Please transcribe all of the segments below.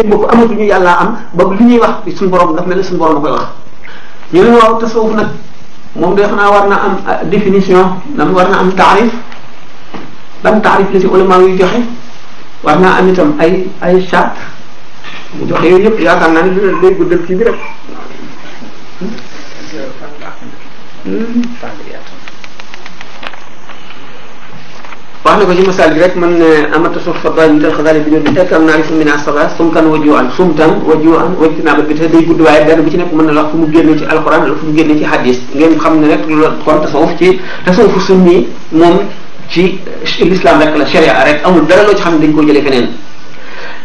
teg boobu amatuñu yàllaa am ba li ñuy wax ci suñu borom daf mel ne suñu borom a koy wax ñu ne waaw tasawuf nag moom def naa war na am ah, définition dam war na am taarif dam taarif la ci ulama yu joxe war naa am ay ay charte bu joxe yooyu yëpp yaakaar naa ne dina day guddal kii bi rek hmm? Hmm? wax na ko ci misaal bi rek man eh, amata suuf fa bàyyi tal xasaale bi ñu di tekkal naa ism min asaba sumkan wa juan sumtan wa juan wajtinaabat bi te day gudd waaye benn bu ci nekk mën na la wax fu mu génne ci alquran wala fu mu génne ci hadis ngeen xam ne rek loolu kon tasawuf ci tasawufu sunni moom ci l'islam rek la sharia rek amul dara loo ci xam ne dañ koo jëlee feneen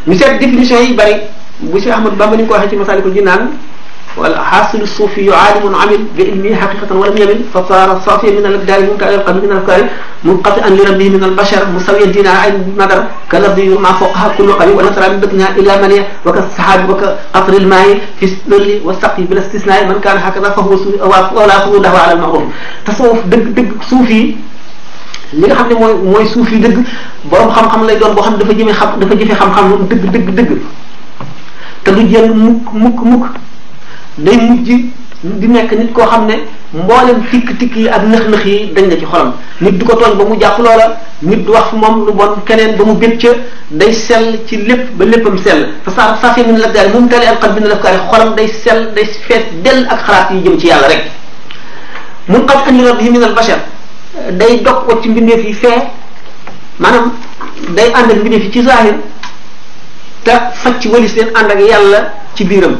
ñu seet définition yi bari bu si Ahmad Bamba ni ko waxee ci Masaalikul Jinaan wal xaasilu suufi yu aalimun amil bi ilmi xaqiqatan walam yamin fa saara saafiya min al abdaali mun kaal qalbi min al afkaari munqati an li rabbi min al bashar musawiyan dina ayn madar ka lafdi yu ma fawqaha kullu qawi wa nasra min batniha illa maniya wa ka saxaabi wa ka qatri al maayi fi dolli wa saqi bila istisnaai man kaana hakada fa huwa suufi wala fudu lahu ala al ma'ruf tasawuf dëgg dëgg suufi li nga xam ne mooy mooy suufi dëgg borom xam-xam lay doon boo xam ne dafa jëmee xam dafa jëfee xam-xam dëgg dëgg dëgg te du jël mukk mukk mukk day mujj di nekk nit koo xam ne mboolem tikk-tikk yi ak nëx-nëx yi dañ na ci xolam nit du ko tooñ ba mu jàpp loola nit du wax moom lu bon keneen ba mu bét ca day sell ci lépp ba léppam sell fa saa saa see min la gaari moom tali alqat bi na lafkaari xolam day sell day fees dell ak xalaat yi jëm ci yàlla rek mun qad an yurabbihi min al day dog wat ci mbindeef yi fee maanaam day ànd ak mbindeef yi ci zahir te ci walis leen ànd ak yàlla ci biiram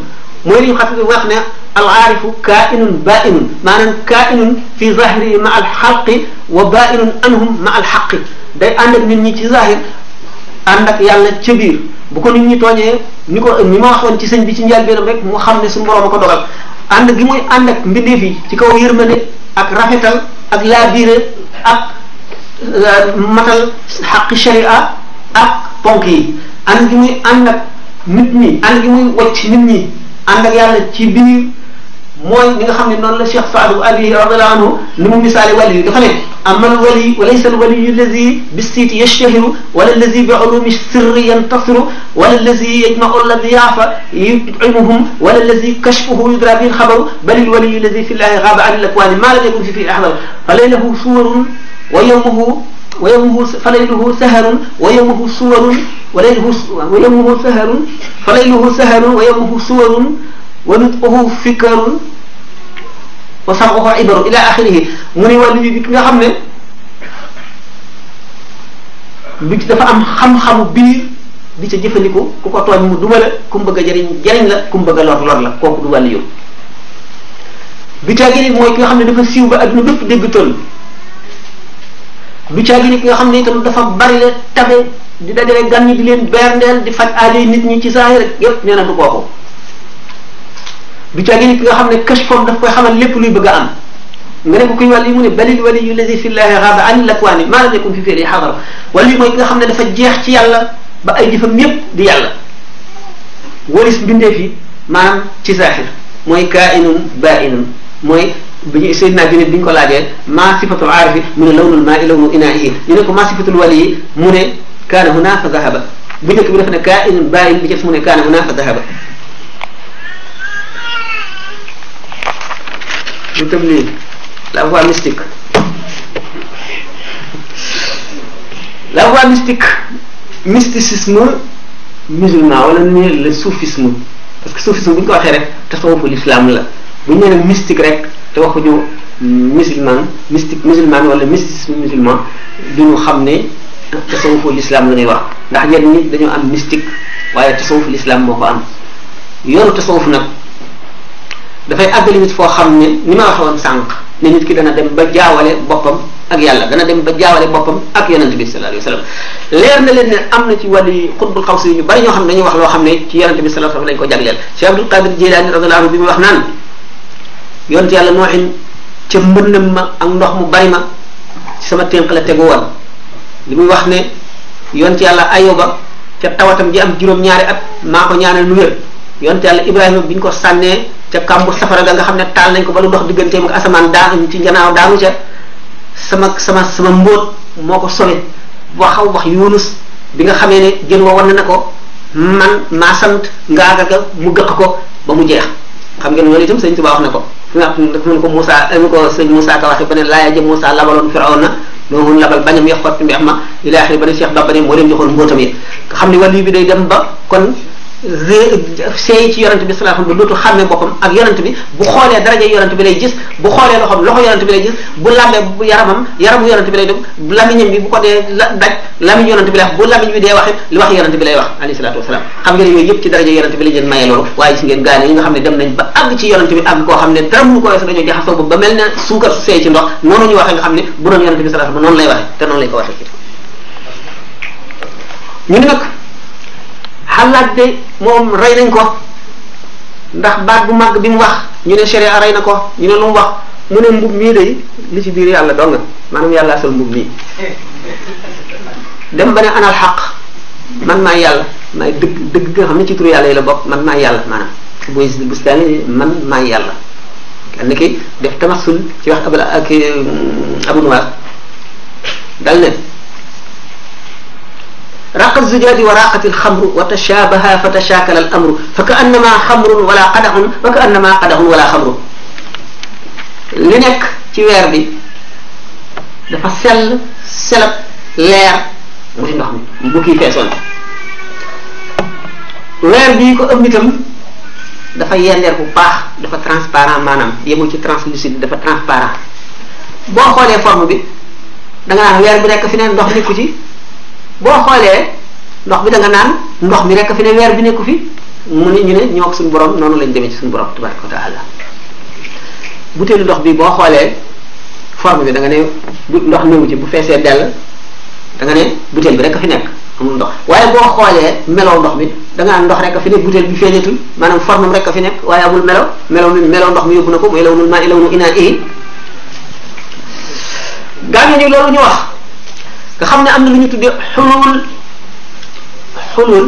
mooy li ñu xas wax ne al aarifu kaainun baainun maanaam kaainun fi zahirihi ma al xalqi wa baainun anhum ma al xaqi day ànd ak nit ñi ci zahir ànd ak yàlla ca biir bu ko nit ñi tooñee ni ko ni ma waxoon ci sëñ bi ci njëlbeenam rek mu xam ne suñu borom a ko dogal ànd gi muy ànd ak mbindeef yi ci kaw yërmande ak rafetal ak laabiire ak euh, matal xaqi sharia ak ponk yi ànd gi muy ànd ak nit ñi ànd gi muy wacc nit ñi ànd ak yàlla ci biir mooy li nga xam ne noonu la Cheikh Saadu Ali radiyallahu anhu ni mu misaale wali yi dafa ne amal wali wa laysa al waliyu allazi bissiiti yashtahiru wala allazi bi ulumi sirri yantasiru wala allazi yajmau aladiyafa yut'imuhum wala allazi kashfuhu yudra bihi xabaru bal al waliyu allazi fi llahi gaaba an al akwani ma lam yakun fi fihi ahdaru fa laylahu suwarun wa yawmuhu wa yawmuhu fa layluhu saharun wa yawmuhu suwarun wa layluhu wa yawmuhu saharun fa layluhu saharun wa yawmuhu suwarun wa nutquhu fikarun wa sam'uhu ibarun ila axirihi mu ne wàllu bi ki nga xam ne bi ci dafa am xam-xamu biir di ca jëfandiku ku ko tooñ mu duma la ku mu bëgg a jëriñ jëriñ la ku mu bëgg a lor lor la kooku du wàllu yow bi caa gën mooy ki nga xam ne dafa siiw ba adduna bépp dégg toll lu caagi nit nga xam ne itam dafa bari la tabe di dajale gan ñi di leen berndeel di faj aajo nit ñi ci saahir rek yépp na du kooku du caagi nit nga xam ne kashfam daf koy xamal lépp luy bëgg a am nga ne ko kuy wàll yi mu ne balil waliyu lazi fi llahi raaba an lakwaani maa lam yakun fi fi'li xadara wàll yi mooy ki nga xam ne dafa jeex ci yàlla ba ay jëfam yépp di yàlla walis mbindeef yi maanaam ci saahir mooy kaa inun baa mooy bi ñu Seydina Junayd bi ñu ko laajee ma sifatul aarifi mu ne lawnul maa i lawnu inaa yi ñu ne ko ma sifatul wali yi mu ne kaana huna fa zahaba bu njëkk bi dafa ne kaa in bàyyin bi ci mu ne kaana huna fa zahaba lu tam nii la voie mystique la voie mystique mysticisme musulman wala ni le soufisme parce que soufisme bu ñu ko waxee rek tasawufu l'islam la bu ñu nee mystique rek te waxuñu musulman mystique musulman wala mysticisme musulman duñu xam ne tasawufu l'islam la ñuy wax ndax ñenn nit dañoo am mystique waaye tasawufu l'islam moo ko am yoonu tasawuf nag dafay àggali nit foo xam ne ni ma waxoon sànq ne nit ki dana dem ba jaawale boppam ak yàlla dana dem ba jaawale boppam ak yonent bi sallallahu alayhi wasallam leer na leen ne am na ci wàllu xutbul xaw si ñu bari ñoo xam ne dañuy wax loo xam ne ci yonent bi sallallahu alayhi wasallam lañ ko jagleel Cheikh Abdul Qadir Jilani radiyallahu anhu bi mu wax naan yonent yàlla nooxin ca mbënnam ma ak ndox mu bari ma sama ténq la tegu woon li muy wax ne yonent yàlla ayoba ca tawatam ji am juróom-ñaari at maa ko ñaanal lu wér yonent yàlla ibrahima bi ñu ko sànnee ca kàmbu safara ga nga xam ne taal nañ ko ba lu dox digganteem ak asamaan daan ci gannaaw daanu ca sama sama sama mbóot moo ko sowe waxaw wax yunus bi nga xamee ne jën wa wan ne ko man maa sant ngaaga ga mu dëq ko ba mu jeex xam ngeen loolu itam sëñ wax na ko fi nga xam daf mun ko Moussa mun ka waxe beneen laaya jëm Moussa labaloon Firaw na loolu labal bañam ya xotti mbeex ma ilaaxiri ba ne Cheikh Dabani moo leen joxoon mbóotam yi nga xam ne wàllu bi day dem ba kon seey ci yonent bi sallallahu alayhi wasallam dootu xàmmee boppam ak yonent bi bu xoolee daraja yonent bi lay gis bu xoolee loxoom loxo yonent bi lay gis bu làmbee yaramam yaramu yonent bi lay def lamiñam bi bu ko dee daj bi dee waxe li wax yonent bi lay wax alayhi salatu wasalaam xam ngeen yooyu yëpp ci daraja yonent bi lañ leen mayee loolu waaye gis ngeen gaane nga xam ne dem nañ ba àgg ci yonent bi àgg koo xam ne dara mu ko weesu dañoo jaxasoo ba mel ne suukar su ci ndox xalaat de moom rey nañ ko ndax baat bu mag bi mu wax ñu ne sharia rey na ko ñu ne lu wax mu ne mbub mii day li ci biir yàlla dong maanaam yàlla sol mbubb mii dem ba ne anal xaq man maa yàlla maa dëgg dëgg nga xam ci turu la bokk man maa yàlla maanaam booy bustaani man maay yàlla kenn ki def tamasul ci wax ab ak um, abu noir dal ne raqa zujaaj wa raqat alxamru wa tashabaha fa tashaakala al amru fa ka annama xamrun wala qadaxun fa ka annama qadaxun wala xamrun li nekk ci weer bi dafa sell selab leer mu di ndox mi bu kii feesoon weer bii ko ëmb itam dafa yendeer bu baax dafa transparent maanaam yemul ci translucide dafa transparent boo xoolee forme bi da nga naan weer bi rekk fi neen ndox nekku ci boo xoolee ndox bi da naan ndox mi rek fi ne weer bi nekku fi mu ne ñu ne ñoo ak suñu borom noonu lañ demee suñu borom tabaraka wa taala butéelu ndox bi boo xoolee forme bi da ne ndox néewu ci bu feesee dell da ne butéel bi rek fi nekk amul ndox waaye boo xoolee melow ndox mi da naan ndox rek fi nekk butéel bi feeñatul maanaam formam rek fi nekk waaye amul melow melow mi melow ndox mi yóbbu na ko mooy law nul maa i law nu inaan ii gaañu ni loolu ñu wax nga xam ne am na lu ñu tuddee xulul xulul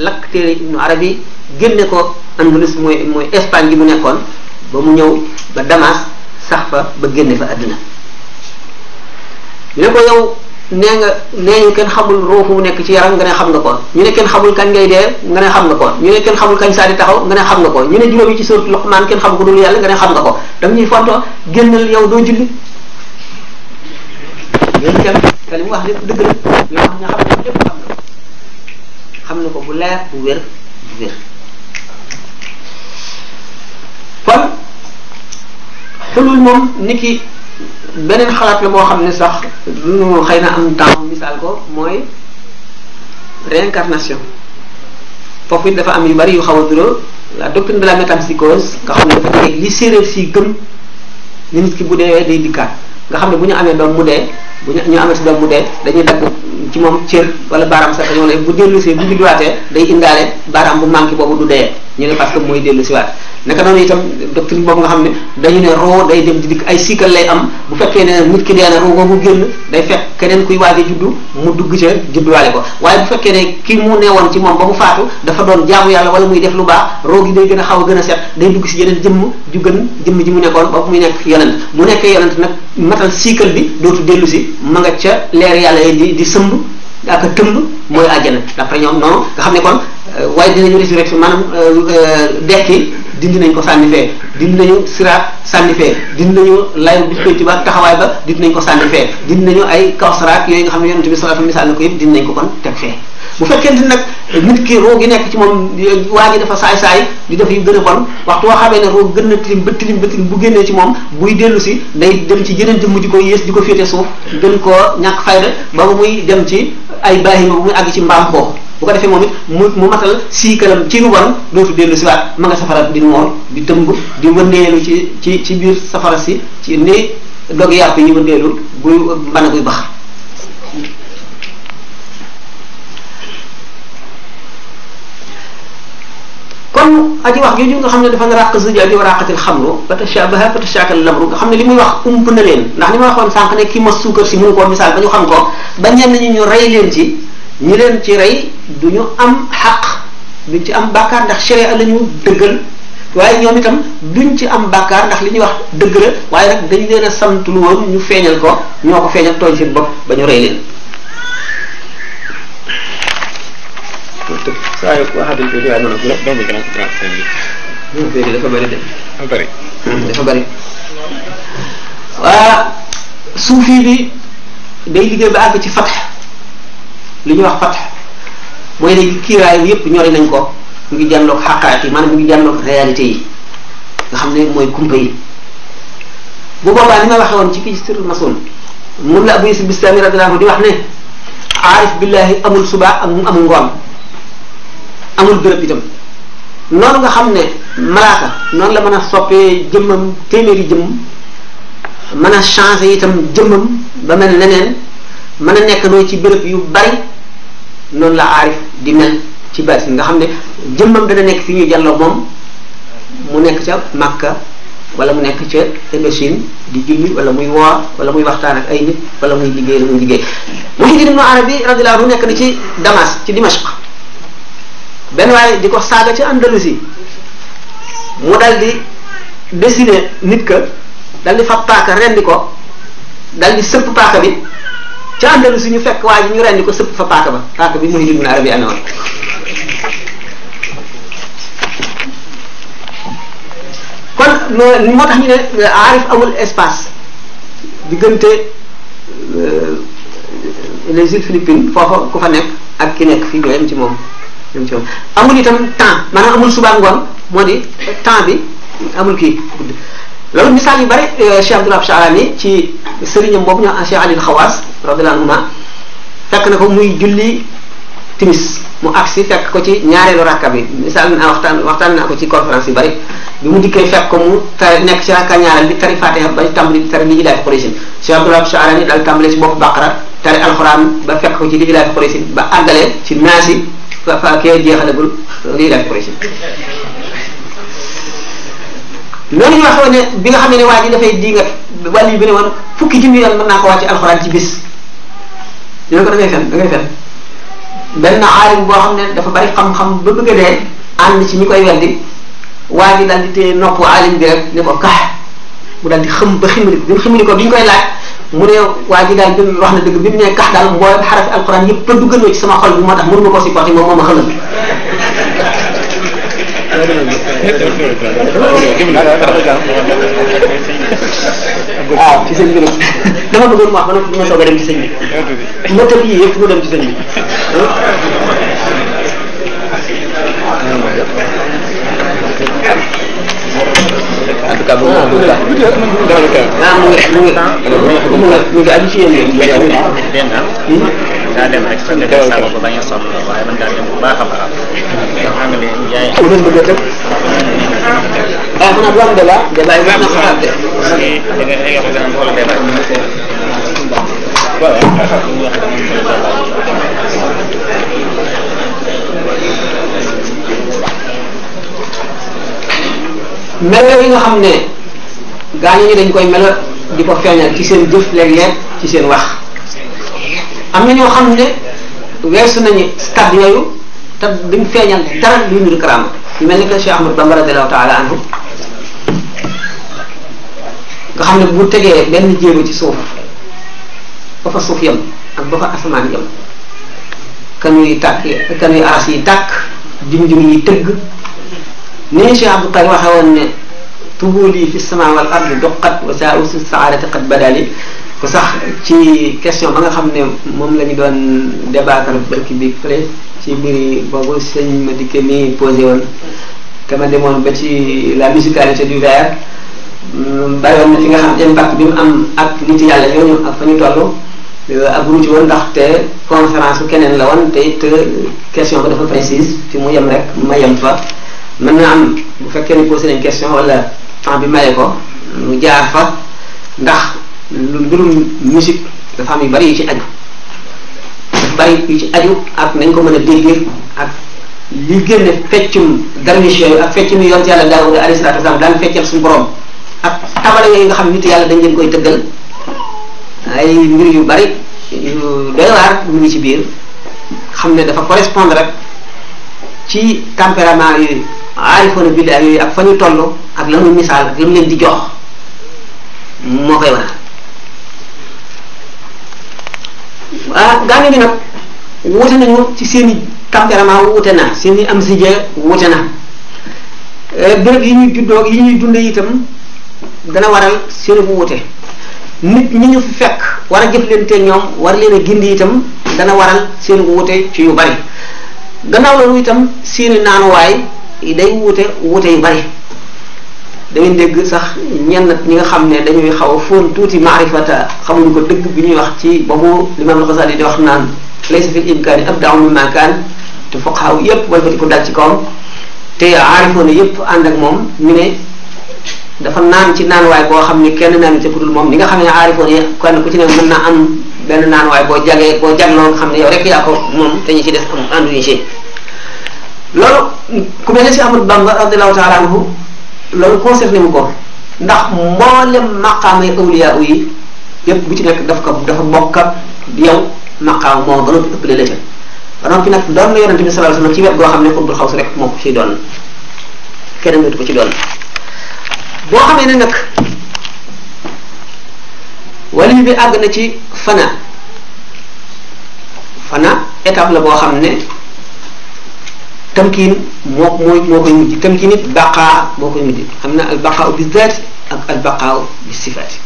lakk téere ibnu arabi génne ko andalus mooy mooy espagne gi mu nekkoon ba mu ñëw ba damas sax fa ba génne fa àdduna ñu ne ko yow nee nga nee ñu kenn xamul ruu mu nekk ci yaram nga ne xam nga ko ñu ne kenn xamul kañ ngay dee nga ne xam nga ko ñu ne kenn xamul kañ saa di taxaw nga ne xam nga ko ñu ne juróom yi ci sóotu Luqmaan kenn xam ko nga ne xam nga ko danga ñuy fontoo génnal yow doo wax dëgg la li xam ne lépp xam na na ko bu leer bu wér bu wér beneen xalaat la boo xam ne sax duñu xëy na am temps misaal ko mooy réincarnation foofu it dafa am yu bari yu xaw a duro la doctrine de la métempsycose nga xam ne dafa li séeréer si gëm ni nit ki bu dee day dikkaat nga xam ne bu ñu amee doom mu dee bu ñu amati doom mu dee dañuy dagg ci moom cër wala baaraam sax dañoo ne bu dellusee bu judduwaatee day indaale baaraam bu manqué boobu du dee ñu ne parce que mooy dellusiwaat naka noonu itam doctrine xam ne dañu ne roo day dem dikk ay cycle lay am bu fekkee ne nit ki dee na roo boobu génn keneen kuy waaj a juddu mu dugg ca judduwaale ko waaye bu fekkee ne ki mu newoon ci moom ba mu faatu doon jaamu yàlla wala muy def lu baax roo gi day a xaw a gën a si yeneen jëmm ju gën jëmm ji mu nekkoon ba muy nekk yonent mu nekkee yonent nag matal cycle bi dootu dellusi bi ma nga ca leer yàlla yi di di sëmb ak a tëmb mooy àjjana d'après ñoom non nga xam ne kon euh, waaye dinañu résurrection maanaam euh, euh, ki dindi nañ ko sànni fee dindi nañu siraat sànni fee dindi nañu layu bis penc ba taxawaay ba dindi nañ ko sànni fee dindi nañu ay kawsaraat yooyu nga xam ne yonent bi sallallahu alayhi misaal na ko yëpp dindi nañ ko kon teg fee bu fekkente nag nit ki roo gi nekk ci moom waa ji dafa saay-saay di def yu gën a bon waxtu xamee ne roo gën na tilim ba tilim ba tilim bu génnee ci moom buy dellu si day dem ci yeneen jëmm ji ko yées di ko féete suuf gën koo ñàkk fayda ba muy dem ci ay baahima bu muy àgg ci mbaam boobu bu ko defee moom it mu mu matal siikalam ci lu wan dootu dellu si waat ma nga safara di mool di tëmb di wëndeelu ci ci ci biir safara si ci ni dog yàpp yi wëndeelu buy mën a buy bax kon aji wax jooju nga dafa n ràq zujaaji wa raqatil xamru fa tashabaha fa tashakal lamru nga xam ne li muy wax ump na leen ndax li ma waxoon sànq ne ba ñu xam ko ba ñenn ñi ñu rey leen ci ñi leen ci rey du ñu am xaq duñ ci am bàkkaar ndax sharia la dëggal waaye ñoom itam duñ ci am bàkkaar ndax li ñuy wax dëgg waaye nag dañ leen a santul woon ñu feeñal ko ñoo ko feeñal tooñ seen bopp ba ñu rey leen te saa yoo koo dafa bëri de. dafa dafa bëri waa suufi bi day liggéey ba àgg ci fatx li ñuy wax fatx mooy léegi kiiraay yëpp ñori nañ ko mu ngi jàlloog xaqaat yi maanaam mu ngi jàlloog réalité yi ne mooy kumpa yi bu boobaa li ma waxee woon ci kii sirrul masoon moom la Abu Yusuf Bistami radiyallahu di wax ne aarif billahi amul subaa am amul ngoon. amul bërëb itam noonu nga xam ne malaaka noonu la mën a soppee jëmmam téeméeri jëmm mën a changé itam jëmmam ba mel neneen mën a nekk noo ci bërëb yu bari noonu la aarif di mel ci baatin nga xam ne jëmmam dana nekk fi ñuy jàlloo moom mu nekk ca Makka wala mu nekk ca Indochine di julli wala muy woor wala muy waxtaan ak ay nit wala muy liggéey la muy liggéey Muhyiddin Ibn Arabi radiyallahu anhu nekk na ci Damas ci Dimashq benn waaye di ko saaga ci Andalusi mu dal di dessiner nit ka dal di fab paaka rendi ko dal di sëpp paaka bi ci Andalusi ñu fekk waa ji ñu rendi ko sëpp fa paaka ba paaka bi muy jublu arab yi amee woon kon euh, moo tax ñu ne aarif euh, amul espace diggante euh, les îles Philippines foofa ku fa nekk ak ki nekk fii doo yem ci moom jëm ci amul itam temps maanaam amul suba ngoon moo di temps bi amul kii gudd loolu misaal yu bëri euh, Cheikh Abdoul Wahab Sha'rani ci sëriñam boobu ñoo Cheikh Ali Al-Khawas radiyallahu anhuma fekk na ko muy julli timis mu agsi fekk ko ci ñaareelu rakka bi misaal naa waxtaan waxtaan ko ci conférence yu bëri bi mu dikkee fekk ko mu tari nekk ci rakka ñaareel bi tari Fatiha ba tàmbali tari li Hidaayatu ci bopp Baqara tari alxuraan ba fekk ko ci li Hidaayatu Qurayshin ba àggalee ci naasi fa faakee jeexalagul lii laaj Quraysh loolu ñu wax ne bi nga xam ne waa ji dafay diingat wàllu bi ne woon fukki junni yoon mën naa ko wàcc alxuraan ci bis ñoo ko da ngay fen da ngay fen benn aalim boo xam ne dafa bari xam-xam ba bëgg a dee ànd ci ñu koy weddi waa daal di téye nopp aalim bi rek ne ko kax mu daal di xëm ba ximali ko bi ñu koy laaj mu ne waa ji a bi wax na dëgg bi mu ne kax daal mbooy xarafi alquran yëpp te duggal na ci sama xol bi tax mënu ma koo supporté si moo ma xëlal waaw ci sëñ bi nag dama bëggoon wax ba noppi ma soog a dem ci sëñ bi ma tëb yi yëpp mu dem ci sëñ bi en tout cas moom moom mu ngi aju ci yéen yéen daa dem rek sa nekk sa bopp bañ a sonn waaye man daa dem bu baax a baax. ah man abdoulaye Ndela. Ndela yi baax na sax de. waaw. melo yi nga xam ne gaañu ñi dañ koy melo di ko feeñal ci seen jëf léeg-léeg ci seen wax am na ñoo xam ne weesu nañu stade yooyu te duñ feeñal dara lu ñu karaama yu mel ni que Cheikh Ahmadou Bamba radiyallahu taala anhu nga xam ne bu tegee benn jéego ci suuf ba fa suuf yem ak ba fa asamaan yem kanuy tàkk kanuy aras yi tàkk junjur yi tëgg ni Cheikh Abdou Qadir waxee woon ne tubuli fi sama wal ardi doqat wa saa usi saarati qad badali ko sax ci question ba nga xam ne moom lañu doon débattre barki bi fële ci mbiri boobu sëñ ma dikke mi posé woon te demoon ba ci la musicalité du verre mm, bàyyoon na fi nga xam impact bi mu am ak nit yàlla yow ñoom ak fa ñu toll abru ci woon ndaxte conférence keneen la woon te it question ba dafa précise fi mu yem rek ma yem fa mën na am bu fekkee ne posé nañ question wala temps bi maye ko mu jaar fa ndax lu mbirum musique dafa am yu bari yu ci aju dafa bari yu ci aju ak nañ ko mën a déggee ak li génne feccum darwish yooyu ak feccum yoon yàlla Daawuda alayhi salaatu wa salaam daan feccal suñu borom ak tabala yooyu nga xam nit yàlla dañ leen koy dëggal ay mbir yu bari yu doy mu ngi ci biir xam ne dafa correspondre rek ci tempérament yooyu aarifoona billaah yooyu ak fa ñu toll ak la muy misaal ak leen di jox moo koy waral ah gaañu bi nag wute nañu ci seeni i tempérament wute na seeni i am sije wute na eh, béréb yi ñuy juddoo yi ñuy dundee itam dana waral seen bu wute nit ñi ñu fi fekk war a jëflante ñoom war leen a gindi itam dana waral seen bu wute ci yu bari gannaaw loolu itam seeni naanuwaay day wuute wuute yu bari dangeen dégg sax ñenn ñi nga xam ne dañuy xaw a fóon tuuti maarifata xamuñu ko dëgg bi ñuy wax ci ba mu Imam al-Ghazali di wax naan laysa fil imkaani abdaa mimmaa kaan te fuqahaa yépp way ko di ko dal ci kawam te aarifoona yépp ànd ak moom ñu ne dafa naan ci naan waay boo xam ne kenn naan ci ku dul moom ni nga xam ne aarifoona yi kenn ku ci ne mën na am benn naan waaye boo jagee boo jagloo nga xam ne yow rek yaa ko moom te ñu ci des am anduñu ci loolu ku mel ne si Ahmadu Bamba radiyallahu taala anhu loolu concerné wu ko ndax mboolem maqaama yi awliya yi yépp bu ci nekk daf ko dafa bokk ak yow maqaama moom ba noppi ëppale la ca ba noppi nag doon na yonente bi sallallahu alayhi wasallam ci wet goo xam ne xutbul xaws rek moo ko ciy doon keneen dootu ko ci doon boo xamee ne nag wali bi àgg na ci fana fana étape la boo xam ne tamkiin moo moo moo koy mujj tamkiin it baqaa moo koy mujj xam na al baqaa bi zaati ak al baqaa bi sifaati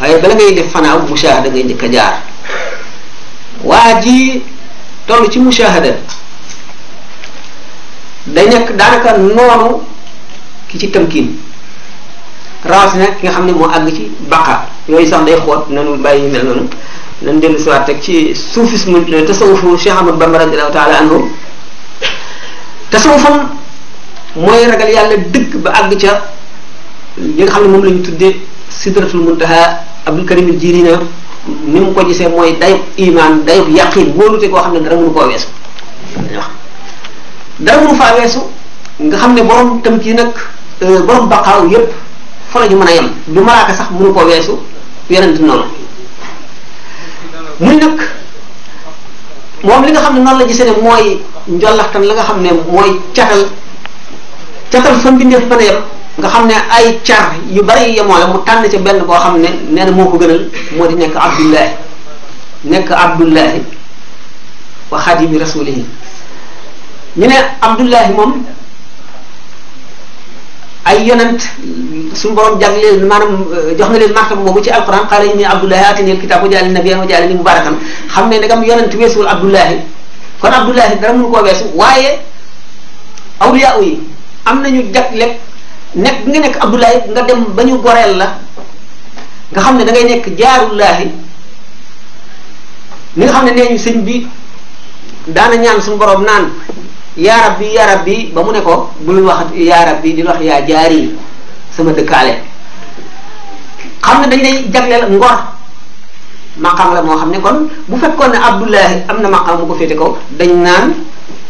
waaye bala ngay def bu mushahada ngay njëkk a jaar waa ji toll ci mushahada day nekk daanaka noonu ki ci tamkin tamkiin na ki nga xam ne moo àgg ci baqaa yooyu sax day xoot nanu bàyyi mel noonu nan dellu siwaat teg ci soufisme tasawufu Cheikh Ahmadou Bamba radiallahu taala anhu tasawufam mooy ragal yàlla dëkk ba àgg ca li nga xam ne moom lañu tuddee sidratul muntaha abdul karim jiri ni mu ko gisee mooy dayub iman dayub yaqin boo lutee koo xam ne dara mënu koo weesu dara mënu faa weesu nga xam ne borom tam kii nag euh, borom baqaaw yépp fa la mën a yem du malaaka sax mënu koo weesu yonent noonu muy nag moom li nga xam ne noonu la gisee ne mooy njollaxtan la nga xam ne mooy catal catal fa mbindeef mën a yem nga xam ne ay car yu bari yemoole mu tànn ca benn boo xam ne nee moo ko gënal moo di nekk abdullahi nekk abdullahi wa xaadimi rasulihi ñu ne abdullahi moom ay yonent suñu borom jagleel maanaam euh, jox na leen martaba boobu ci alquran qaala inni abdullahi mu alkitaba wa jaalani nabiyyan wa jaalani mubarakan xam ne ndegam yonent weesuwul abdullahi kon abdullahi dara mënu koo weesu waaye awliya yi am nañu jagleel nekk nga nekk abdullahi nga dem ba ñu goreel la nga xam ne da ngay nekk jaarullahi ni nga xam ne nee ñu sëñ bi daana ñaan suñu borom naan yaa rabbi yaa rabbi ba mu ne ko bul wax yaa rabbi di wax yaa jaari sama dëkkaale xam ne dañ lay jagleel ngor maqam la moo xam ne kon bu fekkoon ne Abdullahi am na maqam mu ko féete ko dañ naan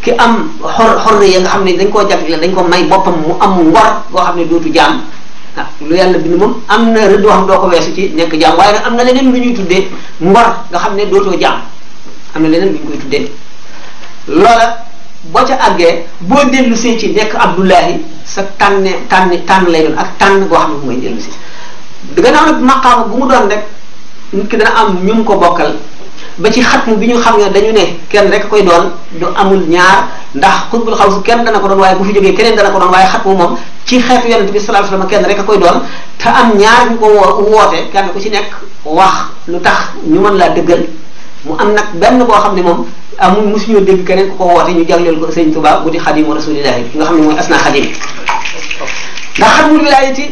ki am xor xor ya nga xam ne dañ koo jagleel dañ koo may boppam mu am ngor boo xam ne dootu jaam ah lu yàlla nu moom am na rëdd wax doo ko weesu ci nekk jaam waaye nag am na leneen lu ñuy tuddee ngor nga xam ne dootoo jaam am na leneen lu ñu koy tuddee loola. boo ca àggee boo dellu see ci nekk Abdullahi sa tànne tànn tànn lay doon ak tànn goo xam ne mooy dellu si gannaaw nag maqaama bu mu doon rek nit ki dana am ñu mu ko bokkal ba ci xat mu bi ñu xam ne dañu ne kenn rek koy doon du amul ñaar ndax xutbul xaw su kenn dana ko doon waaye bu fi jógee dana ko doon waaye xatmu moom ci xeetu yonent bi sallallahu alayhi wasallam kenn rek a koy doon te am ñaar ñu ko woote kenn ku ci nekk wax lu tax ñu mën laa dëggal mu am nag benn boo xam ne moom amul mosuñoo dégg keneen ku ko woote ñu jagleel ko sëñ Tuubaa mu di xadimu rasulillahi ki nga xam ne mooy asna xadim ndax xatmul wilayati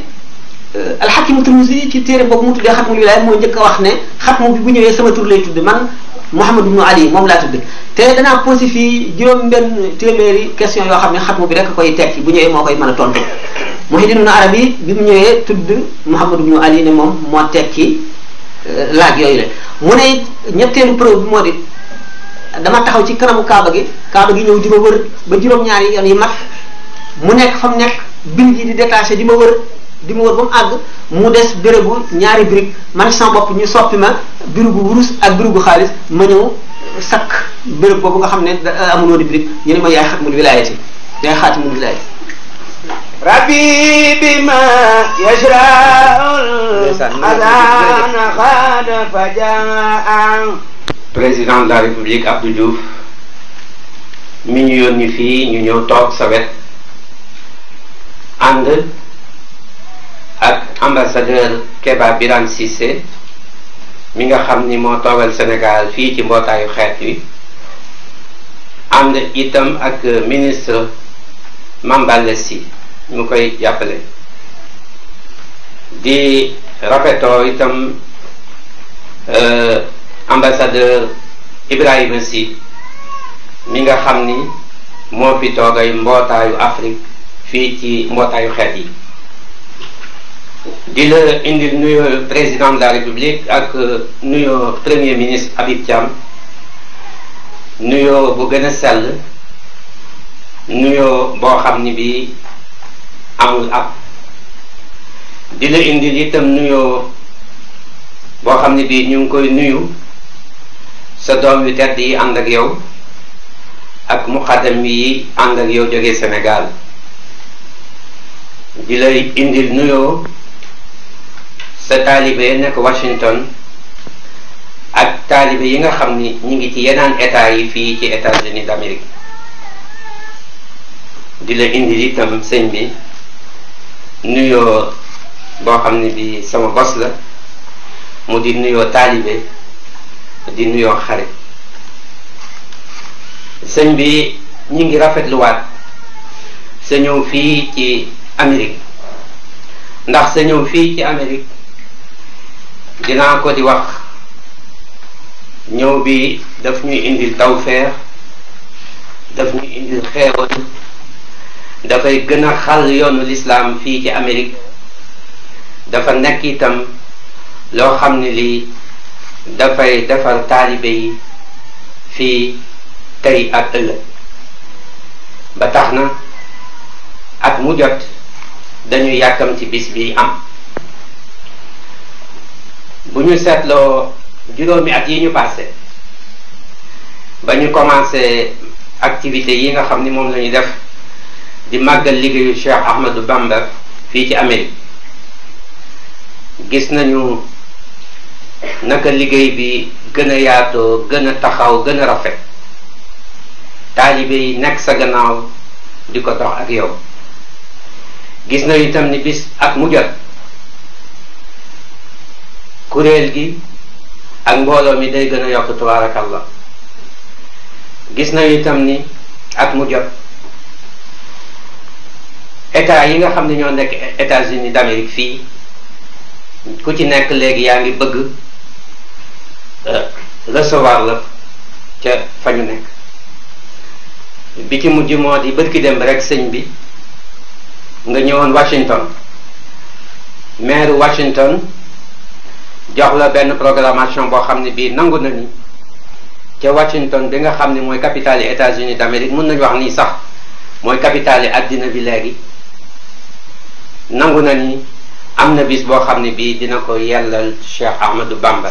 euh, alxakimu Tirmisi ci téere boobu mu tuddee xatmul wilayati moo njëkk a wax ne xatmu bi bu ñëwee sama tur lay tudd man Mouhamad ibnu Ali moom laa tudd te danaa posé fii juróom benn téeméeri question yoo xam ne xatmu bi rek koy tekki bu ñëwee moo koy mën a tontu Muhyiddin ibnu Arabi bi mu ñëwee tudd Mouhamad ibnu Ali ne moom moo tekki euh, laaj la mu ne ñetteelu preuve bi moo di dama taxaw ci kanamu kaaba gi kaaba gi ñëw di ma wër ba juróom-ñaari yoon yi mat mu nekk fa mu nekk bind yi di détaché di ma wër di ma wër ba mu àgg mu des bérébu ñaari birig man sama bopp ñu soppi ma birigu wurus ak birigu xaalis ma ñëw sakk bërëb boobu nga xam ne euh, amul woon birig ñu ne ma yaay xatimul wilaayati yaay bi ma yajraul adana xaada fa président de la république Abdou Diouf mi ñu yónni fii ñu ñëw toog sa wet ànd ak ambassadeur Keba Birane Cissé mi nga xam ni moo toogal Sénégal fii ci mbootaayu xeet wi ànd itam ak ministre Mamballa Sy mu koy jàppale di rafetoo itam euh, ambassadeur Ibrahima Sy mi nga xam ni moo fi toogay mbootaayu Afrique fii ci mbootaayu xeet yi di la indi nuyo président de la république ak nuyo premier ministre Habib Thiam nuyo bu gën a sell nuyo boo xam ni bii amul ab di la indi itam nuyo boo xam ne bii ñu ngi koy nuyu sa doom yu tedd yi ànd ak yow ak muqaddam yi ànd ak yow jógee Sénégal di lay indil nuyoo sa taalibe nekk Washington ak taalibe yi nga xam ni ñu ngi ci yenaan état yi fii ci États-Unis d'Amérique di la indil itam sëñ bi nuyoo boo xam ne bi sama bos la mu di nuyoo taalibe di nuyoo xarit sëñ bi ñu ngi rafetluwaat sa ñëw fii ci Amérique ndax sa ñëw fii ci Amérique dinaa ko di wax ñëw bi daf ñuy indil tawfeex daf ñuy indil xeewal dafay gën a xal yoonu lislaam fii ci amerig dafa nekk itam loo xam ne lii dafay defar taalibe yi fii tey ak ëllëg ba tax na at mu jot dañu yàkkam ci bis bi am bu ñu seetloo juróomi at yi ñu passé ba ñu commencé activité yi nga xam ni moom la ñu def di màggal liggéeyu Cheikh Ahmadou Bamba fii ci Amérique gis nañu naka liggéey bi gën a yaatoo gën a taxaw gën a rafet taalibe yi nekk sa gannaaw di ko dox ak yow gis na itam ni bis ak mu jot kuréel gi ak mbooloo mi day gën a yokk tabaarakallah gis na itam ni ak mu jot état yi nga xam ne ñoo nekk États-Unis fii ku ci nekk léegi yaa ngi bëgg Euh, recevoir la ca fa ñu nekk bi ci mujj moo di ki dem rek sëñ bi nga ñëwoon Washington maire Washington jox la benn programmation boo xam ne bii nangu na ni ca Washington bi nga xam ne mooy capitale yi États-Unis d'Amérique mën nañu wax nii sax mooy capitale yi àddina bi léegi nangu na ni am na bis boo xam ne bii dina ko yellal Cheikh Ahmadou Bamba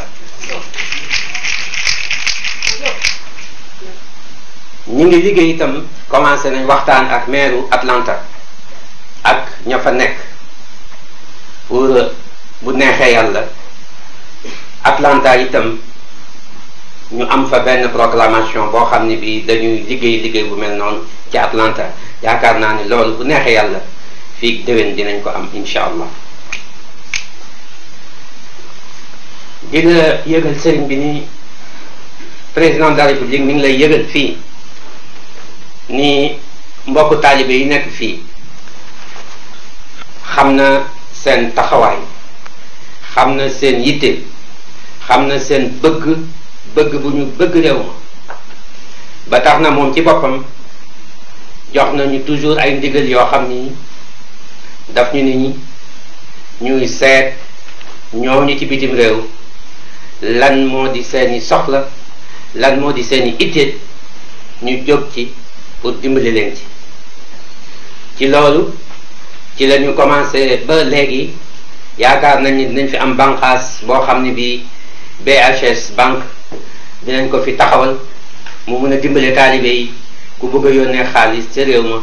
ñu ngi liggéey itam commencé nañ waxtaan ak meeru Atlanta ak ña fa nekk pour euh, bu neexee yàlla Atlanta itam ñu am fa benn proclamation boo xam ne bii dañuy liggéey liggéey bu mel noonu ci Atlanta yaakaar naa ne loolu bu neexee yàlla fii déwén dinañ ko am incha allah di la yëgal sëriñ bi ni président de la ngi lay yëgal fii nii mbokku taalibe yu nekk fii xam na seen taxawaay xam na seen yittéel xam na seen bëgg bëgg bu ñu bëgg réew ma ba tax na moom ci boppam jox nañu toujours ay ndigal yoo xam ni daf ñu ni ñuy seet ñooñu ci bitim réew lan moo di seeni soxla lan moo di seeni itte ñu jóg ci pour dimbali leen ci ci loolu ci lañu ñu commencé ba léegi yaakaar nañ ni dinañ fi am banqaas boo xam ne bii BHS banque dinañ ko fi taxawal mu mën a dimbale taalibe yi ku bëgg yónnee xaalis ca réew ma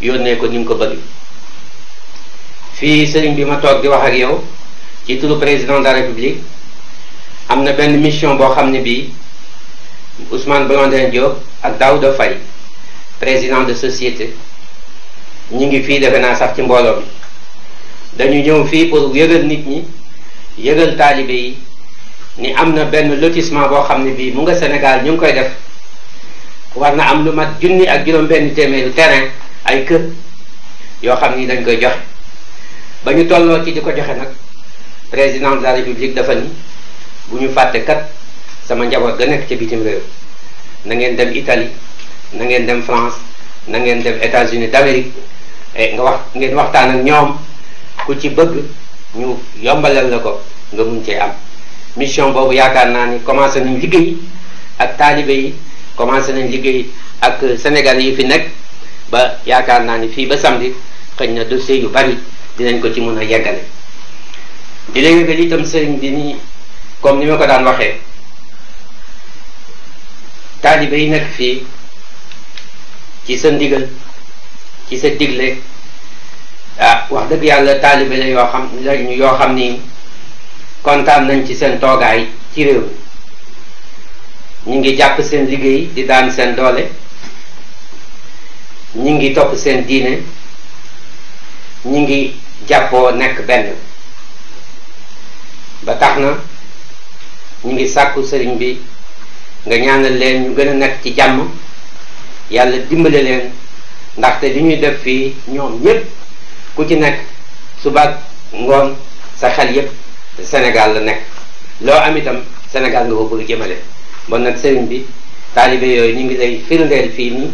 yónnee ko ni ko bëgg fii sëriñ bi ma toog di wax ak yow ci turu président de la république am na benn mission boo xam ne bii Ousmane Blondin Diop ak Daouda Faye président de société ñu ngi fii defe naa sax ci mbooloo mi dañu ñëw fii pour yëgal nit ñi yëgal taalibe yi ni am na benn lotissement boo xam ne bii mu nga Sénégal ñu ngi koy def war na am lu mat junni ak juróom-benn téeméeru terrain ay kër yoo xam ni dañ koy joxe ba ñu tolloo ci di ko joxe nag président de la république dafa ni bu ñu fàtte kat sama njaboot ga nekk ca bitim réew na ngeen dem Italie na ngeen dem France na ngeen dem États-Unis d'Amérique eh, nga wax ngeen waxtaan ak ñoom ku ci bëgg ñu yombalal la ko nga mun cee am mission boobu yaakaar naa ni commencé nañ liggéey ak taalibe yi commencé nañ liggéey ak Sénégal yi fi nekk ba yaakaar naa ni fii ba samedi xëñ na dossier yu bari dinañ ko ci mën a yeggale di la yëgal itam sëriñ bi nii comme ni ma ko daan waxee taalibe yi nekk fii ci sa ndigal ci sa digle ah wax dëgg yàlla taalibe la yoo xam ni kontaan nañ ci seen toogaay ci réew ñu ngi jàpp seen liggéey di daan seen doole ñu ngi topp seen diine ñu ngi jàppoo nekk benn ba tax na ñu ngi sàkku sëriñ bi nga ñaanal leen ñu gën a nekk ci jàmm yàlla dimbale leen ndaxte li ñuy def fii ñoom ñépp ku ci nekk subaak ngoon sa xel yépp Sénégal la nekk loo am itam Sénégal nga ko bëgg jëmale bon nag sëriñ bi taalibe yooyu ñu ngi lay firndeel fii nii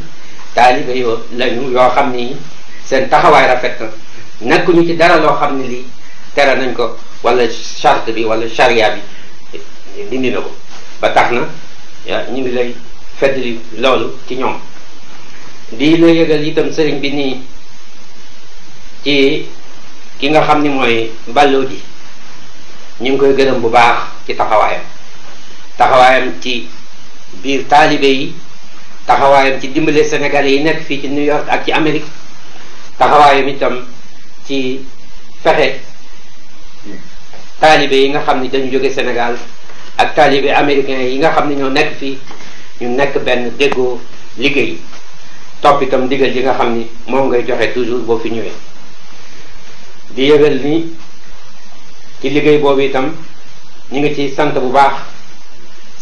taalibe yoo lañu yoo xam ni seen taxawaay rafet na nekkuñu ci dara loo xam ne li tere nañ ko wala charte bi wala charia bi dindi na ko ba tax na ñu ngi lay feddli loolu ci ñoom lii la yëgal itam sëriñ bi nii ci ki nga xam ni mooy balloo di ñu ngi koy gërëm bu baax ci taxawaayam taxawaayam ci biir taalibe yi taxawaayam ci dimbale sénégalais yi nekk fii ci New York ak ci Amérique taxawaayam itam ci fexe taalibe yi nga xam ni dañu jóge Sénégal ak taalibe américain yi nga xam ni ñoo nekk fii ñu nekk benn déggoo liggéey topp itam ndigal yi nga xam ni moom ngay joxe toujours boo fi ñëwee di yëgal ni ci liggéey boobu itam ñu ngi ciy sant bu baax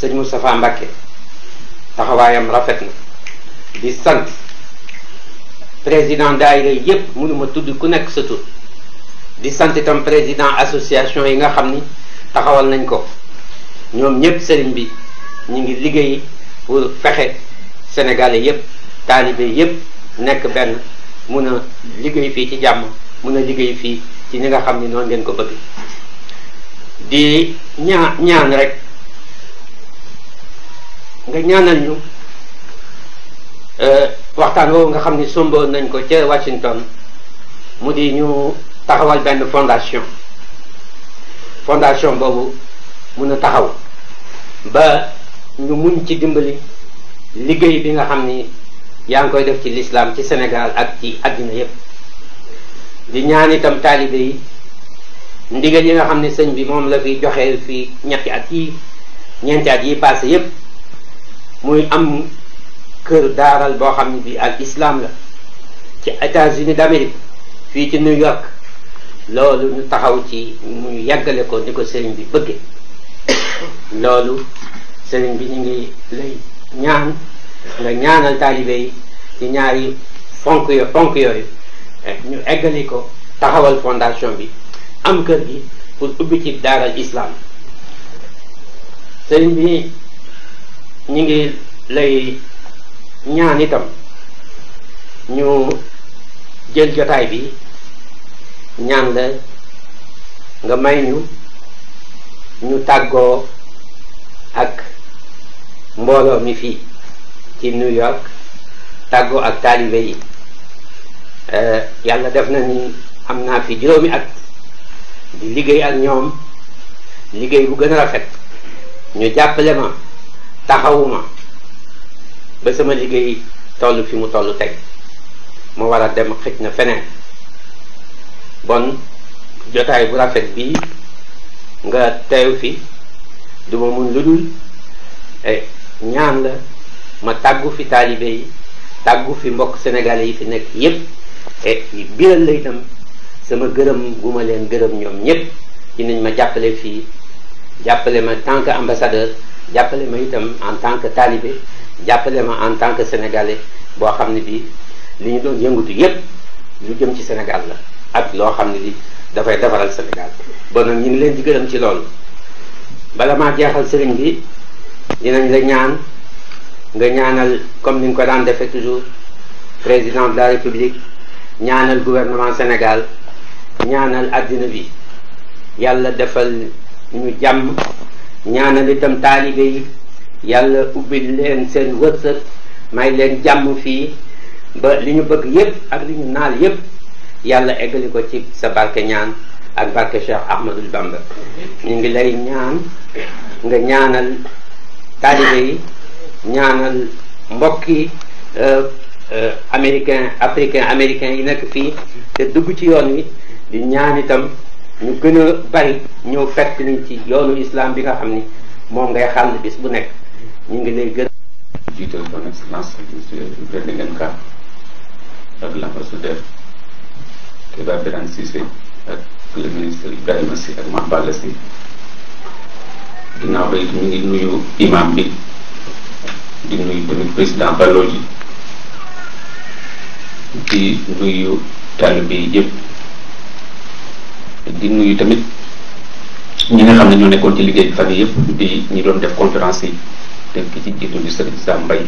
sëñ Moustapha Mbacke taxawaayam rafet na di sant président daayira yépp mënuma tudd ku nekk sa tur di sant itam président association yi nga xam ni taxawal nañ ko ñoom ñépp sëriñ bi ñu ngi liggéey pour fexe sénégalais yépp taalibe yépp nekk benn mun a liggéey fii ci jàmm mun a liggéey fii ci ni nga xam ni noonu ngeen ko bëgg di ñaa ñaan rek nga ñaanal ñu euh, waxtaan woowu nga xam ni somboon nañ ko ca Washington mu di ñu taxawal benn fondation fondation boobu mun a taxaw ba ñu muñ ci dimbali liggéey bi nga xam ni yaa ngi koy def ci lislaam ci Sénégal ak ci àddina yépp di ñaan itam taalibe yi ndigal yi nga xam ne sëñ bi moom la fi joxe fii ñetti at yi ñeenti at yi passé yépp muy am kër daaral boo xam ne bi al islaam la ci États-Unis d'Amérique fii ci New York loolu ñu taxaw ci ñu yàggale ko ni ko sëriñ bi bëgge loolu sëriñ bi ñu ngi lay ñaan nga ñaanal taalibe yi ci ñaari fonk yooyu e, ñu eggali ko taxawal fondation bi am kër gi pour ubbi ci daaral islam sëriñ bi ñu ngi lay ñaan itam ñu jël jotaay bi ñaan la nga may ñu ñu tàggoo ak mbooloo mi fii ci New York tàggoo ak taalibe yi euh, yàlla def na ni am naa fi juróomi ak di liggéey ak ñoom liggéey bu gën a rafet ñu jàppale ma taxawuma ba sama liggéey toll fi mu toll teg ma war a dem xëj na feneen bon jotaay bu rafet bii nga teew fi duma mun lu dul eh, ñaan la ma tàggu fi taalibe yi tàggu fi mbokk sénégalais yi fi nekk yépp et la itam sama gërëm gu ma leen gërëm ñoom ñépp dinañ ma jàppale fii jàppale ma tant que ambassadeur jàppale ma itam en tant que talibé jàppale ma en tant que sénégalais boo xam ne bi li ñu doon yëngatu yépp lu jëm ci Sénégal la ak loo xam ne li dafay defaral Sénégal bon nag ñu ngi leen di gërëm ci loolu bala maa jeexal sëriñ bi dinañ la ñaan nga ñaanal comme ni nga ko daan defee toujours président de la république ñaanal gouvernement Sénégal ñaanal addina bi yàlla defal ñu jàmm ñaanal itam taalibe yi yàlla ubbi leen seen wërsëg may leen jàmm fii ba li ñu bëgg yëpp ak li ñu naal yépp yàlla eggali ko ci sa barke ñaan ak barke Cheikh Ahmadul Bamba ñu lay ñaan nga ñaanal taalibe yi ñaanal mbokki euh, euh, americain africain américain yi nekk fii te dugg ci yoon wi di ñaan itam ñu gën a bari ñëw fekk ni ci yoonu islam bi nga xam ni moom ngay xàll bis bu nekk ñu ngi lay gën a jiital son excellence monsieur Bernadette Ka ak l'ambassadeur ak le ministre Ibrahima Sy ak Mame Balla Sy ginnaaw ba it ñu ngi nuyu imam bi di nuyu tamit président Ballo ji di nuyu taalibe yi yëpp di nuyu tamit ñi nga xam ne ñoo nekkoon ci liggéey bi fan yëpp di ñi doon def conférence yi te ki ci jiitu di sëriñ Sam Mbaye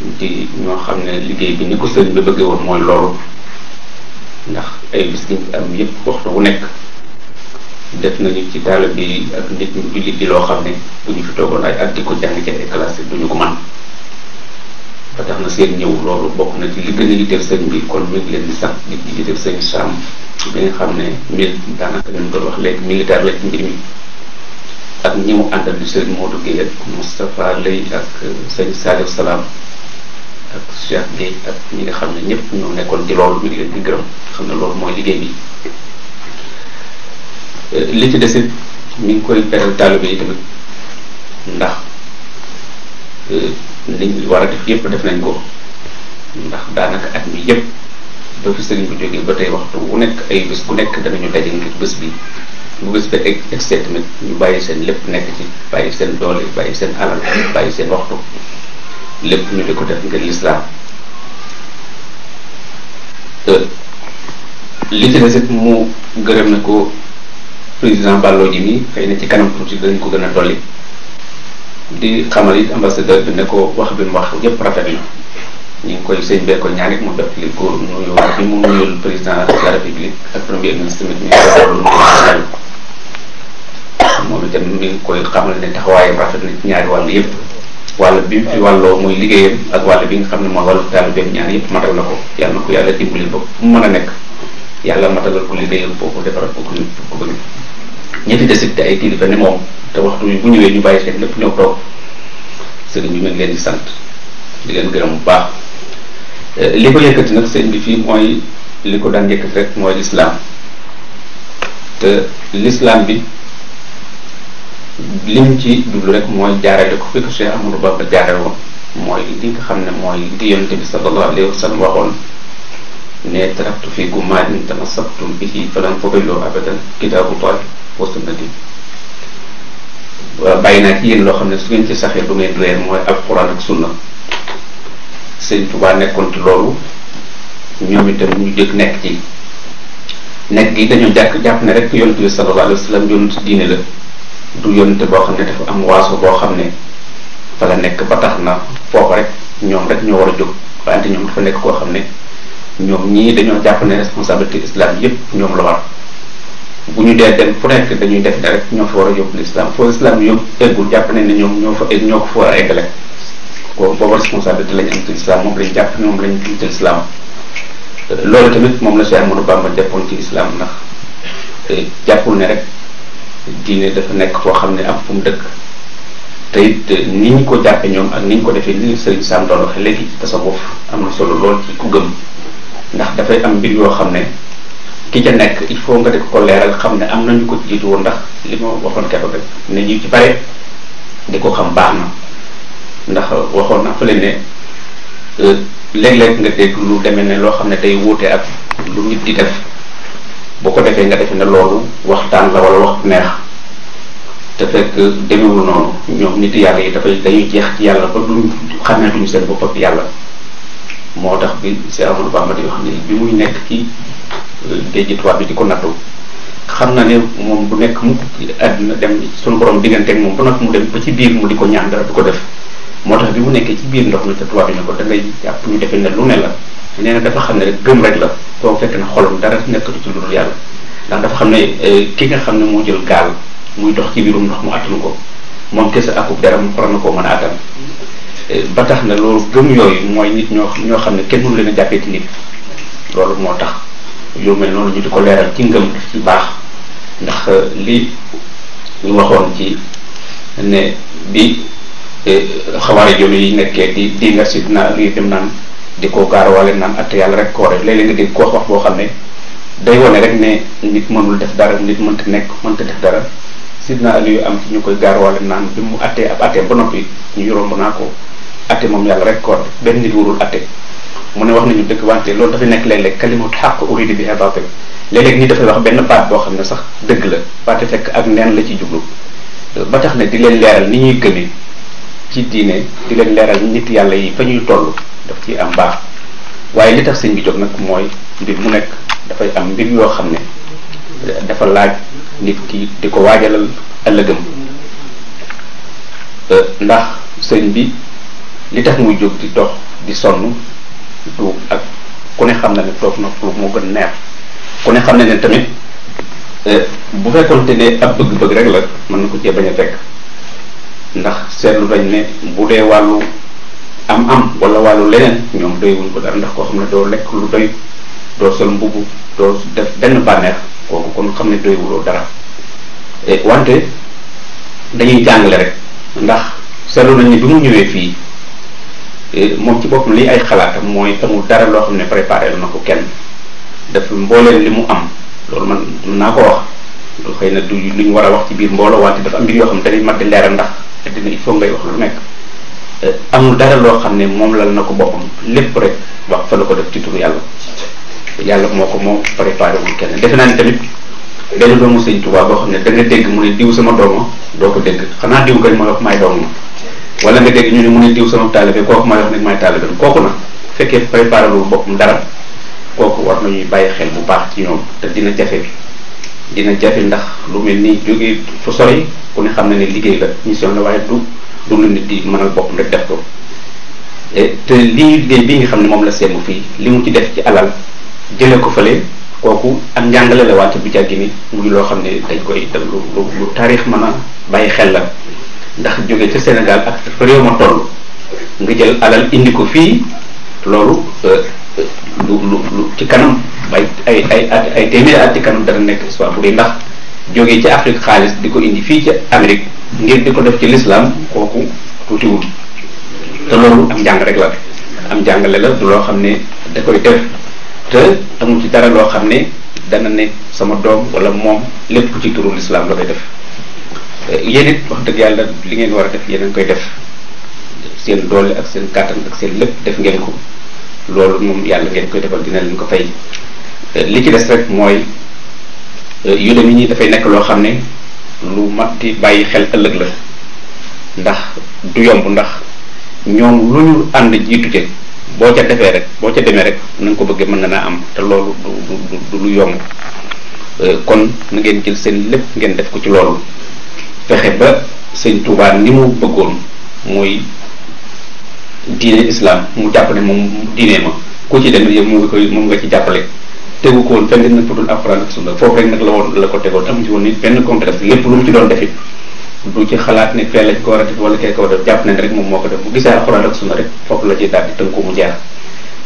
di ñoo xam ne liggéey bi ni ko sëriñ bi bëggee woon mooy loolu ndax ay bis gi am yëpp waxtu wu nekk. def nañu ci taal bi ak nit bi loo xam ne bu ñu fi toogoon ay at di ko jàng ci ay classe duñu ko man ba tax na seen ñëw loolu bokk na ci li gën a yitteel sëñ mi ngi leen di sant di jiiteel sëñ Sam bi nga xam ne mil daanaka léegi militaire la ci mbir mi ak ñi mu àndal di sëñ moo Guèye ak Moustapha Lay ak sëñ Salif Salam ak Cheikh Guèye ak ñi ngi xam ne ñëpp ñoo nekkoon di loolu mi ngi leen di gërëm xam ne loolu mooy liggéey bi li ci desit mi ngi koy beral taalibe yi tamit ndax euh, liñ war a def yëpp def nañ ko ndax daanaka at mi yëpp ba fi sëriñ bi ba tey waxtu wu nekk ay bés bu nekk danañu daje ngir bés bi bu bés ba egg egsee ñu bàyyi seen lépp nekk ci bàyyi seen doole bàyyi seen alal bàyyi seen waxtu lépp ñu di ko def ngir lislaam euh, li ci desit mu gërëm na ko président Ballo ji mi xëy na ci kanam tuuti dañ ko gën a dolli di xamal it ambassadeur bi ne ko wax bi mu wax yëpp rafet na ñu ngi koy sëñ bee ko ñaanit mu def li ko nuyu bi mu nuyul président de la république ak premier ministre tamit ñu ngi moom itam mi ngi koy xamal ne taxawaayam rafet na ci ñaari wàll yëpp wàll bi mu fi wàlloo muy liggéeyam ak wàll bi nga xam ne mooy wàllu taalibeem ñaar yëpp matal na ko yàlla na ko yàlla dimbali ba mu mën a nekk yàlla matalal ko liggéeyam foofu defaral ko ko bëgg ñi fi des it ay kilifa ne moom te waxtu bu ñëwee ñu bàyyi xel lépp ñëw toog sëriñ bi mi ngi leen sant di leen gërëm bu baax eh, li ko yëkkati nag sëñ bi fii mooy li ko daan yëkkati rek mooy te lislaam bi lim ci dublu rek mooy jaarale ko fi ko Cheikh Amadou mooy li nga xam ne mooy di yonte bi sallallahu alayhi wa sallam waxoon ne taraktu fi gumaadin tamassaktum bihi falan tadillu abadan kitaabullahi wa sunnati bàyyi naa ci yéen loo xam ne su ngeen ci saxee bu ngeen réer mooy alquran ak sunna sëñ Tuubaa nekkoon ci loolu ñoom itam ñu jëkk nekk ci nekk gi dañoo jàkk jàpp ne rek yonent bi sallallahu alayhi si sallam diine la du yonent boo xam ne dafa am waaso boo xam ne fa la nekk ba tax na foofu rek ñoom rek ñoo war a jóg wante ñoom dafa nekk koo xam ne ñoom ñii dañoo jàpp ne responsabilité islam yépp ñoom la war bu ñu dee dem fu nekk dañuy def ne rek ñoo fa war a yóbbu l'islam foo islam yóbbu eggul jàpp ne ne ñoom ñoo fa egg ñoo ko fa war a eggale ko booba responsabilité lañ moom lañ jàpp ne moom lañ gis ci islam loolu tamit moom la Cheikh Amadou Bamba jàppoon ci islam ndax eh, jàppul ne rek diine dafa nekk foo xam ne am fu mu dëkk te eh, nii ñu ko jàppe ñoom ak ni ñu ko defee li Sëriñ Sam doon léegi ci tasawuf am na solo lool ci ku gëm ndax dafay am mbir yoo xam ne ki ca nekk il faut nga di ko leeral xam ne am na ñu ko jiitu woon ndax li ma waxoon keroog rek ne ñu ci bare di ko xam baax na ndax waxoon na fële ne euh, léeg-léeg nga dégg lu demee ne loo xam ne day wuute ak lu nit di def boo ko defee nga defe ne loolu waxtaan la wala wax neex te fekk demewul noonu ñoom nit yàlla yi dafay dañuy jeex ci yàlla ba duñ xameetuñu seen bopp ak yàlla moo tax bi Cheikh Ahmadou Bamba di wax ni bi muy nekk ci géej gi bi di ko nattu xam na ne moom bu nekk mu àdduna dem suñu borom diggante ak moom ba noppi mu dem ba ci biir mu di ko ñaan dara du ko def moo tax bi mu nekkee ci biir ndox mu te tubaab bi ne ko da ngay jàpp ñu defee ne lu ne la nee dafa xam ne rek gëm rek la boo fekk na xolam dara nekk ci lu dul yàlla ndax dafa xam ne eh, ki nga xam ne moo jël gaal muy dox ci biirum ndox mu attanu ko moom kese akub dara mu xorom na koo mën a attan eh, ba tax na loolu gëm yooyu mooy nit ñoo ñoo xam ne kenn mënu leen a jàppee ci nit loolu moo tax yow mel noonu ñu di ko leeral ci ngëm ci baax ndax euh, li ñu waxoon ci ne bi euh, xawaari jolu yi nekkee di di nga si na li dem naan di ko gaarawale naan att yàlla rek koore léeg-léeg nga dégg ko wax boo xam ne day wane rek ne nit mënul def dara nit mënta nekk mënta def dara sidna aliyu am ci ñu koy gaarawale naan bi mu attee ab attee ba noppi ñu romb naa ko ate moom yàlla rek koore benn nit warul atte mu ne wax nañu dëkk wante loolu dafay nekk léeg-léeg kalimatu xàq uridi biha batil léeg-léeg ñi dafay wax benn baat boo xam ne sax dëgg la waate fekk ak neen la ci jublu ba tax ne di leen leeral ni ñuy gëne ci diine di leen leeral nit yàlla yi fa ñuy toll daf ci am baax waaye li tax sëñ bi jóg nag mooy mbir mu nekk dafay am mbir yoo xam ne dafa laaj nit ki di ko waajalal ëllëgëm ndax sëñ bi li tax muy jóg di dox di sonn duug ak ku ne xam na ne toog noppalu moo gën neex ku ne xam na ne tamit euh, bu fekkonte ne ab bëgg-bëgg rek la mën na ko cee bañ a fekk ndax seetlu dañ ne bu dee wàllu am am wala wàllu leneen ñoom doywuñ ko dara ndax koo xam ne doo lekk lu doy doo sol mbubu doo def benn bànneex kooku kon xam ne doywuloo dara wante dañuy jàngale rek ndax seetlu nañ ne bi mu ñëwee fii Eh, moom ci boppam li ay xalaatam mooy amul dara loo xam ne préparé la na ko kenn daf mbooleen li mu am loolu man mën naa ko wax lu xëy na du lu ñu war a wax ci biir mbooloo wante dafa am mbir yoo xam ne dañuy mat di leeral ndax dina il ngay wax lu nekk eh, amul dara loo xam ne moom lal na ko boppam lépp rek wax fa ko def ci turu yàlla yàlla moo ko moo préparé wul kenn defe naa ni tamit benn doomu sëñ Tuubaa boo xam ne da nga dégg mu ne diw sama dooma doo ko dégg xanaa diw gañ mooy wax maay doom wala nga dégg ñu ne mu ne diw sama taalibe kooku ma wax ne may taalibe kooku nag fekkee préparé lu dara kooku war nañuy bàyyi xel bu baax ci ñoom te dina jafe dina jafe ndax lu mel ni jógee fu sori ku ne xam na ne liggéey la mission la waaye du du lu nit di mënal boppam rek def ko te lii liggéey bii nga xam ne moom la seemu fii li mu ci def ci alal jële ko fële kooku ak njàngale la wante bu jàggi ni muy loo xam ne dañ koy lu lu taarix mën a bàyyi xel la ndax jóge ca Sénégal ak fa réew ma toll nga jël alal indi ko fii loolu euh, euh, lu lu lu ci kanam ay ay ay at ay téeméeri at ci kanam dana nekk histoire bu dee ndax jóge ci Afrique xaalis di ko indi fii ci Amérique ngir di ko def ci lislaam kooku tuutiwul te loolu am njàng rek la am njàngale la du loo xam ne da koy def te amul ci dara loo xam ne dana ne sama doom wala moom lépp ci turu l'islam la koy def yéen it wax dëgg yàlla li ngeen war a def yéen a koy def seen doole ak seen kàttan ak seen lépp def ngeen ko loolu moom yàlla ngeen koy defal dina leen ko fay li ci des rek mooy euh, yu dem yi dafay nekk loo xam ne lu mat di bàyyi xel ëllëg la ndax du yomb ndax ñoom lu ñu ànd jiitu ca boo ca defee rek boo ca demee rek na nga ko bëggee mën na naa am te loolu du du lu yomb euh, kon na ngeen jël seen lépp ngeen def ko ci loolu fexe ba sëñ Touba ni mu bëggoon muy diine islam mu jàppale moom diine ma ku ci dem yow mu nga koy moom nga ci jàppale tegu ko woon fenn nag fudul alxuraan ak sunna la woon la ko woon ni benn complexe lépp lu mu ci doon defit du ci xalaat ko war a def wala kee ko jàpp nañ rek moom moo ko def bu gisee alxuraan ak sunna rek foofu la ci daal di tënku mu jaar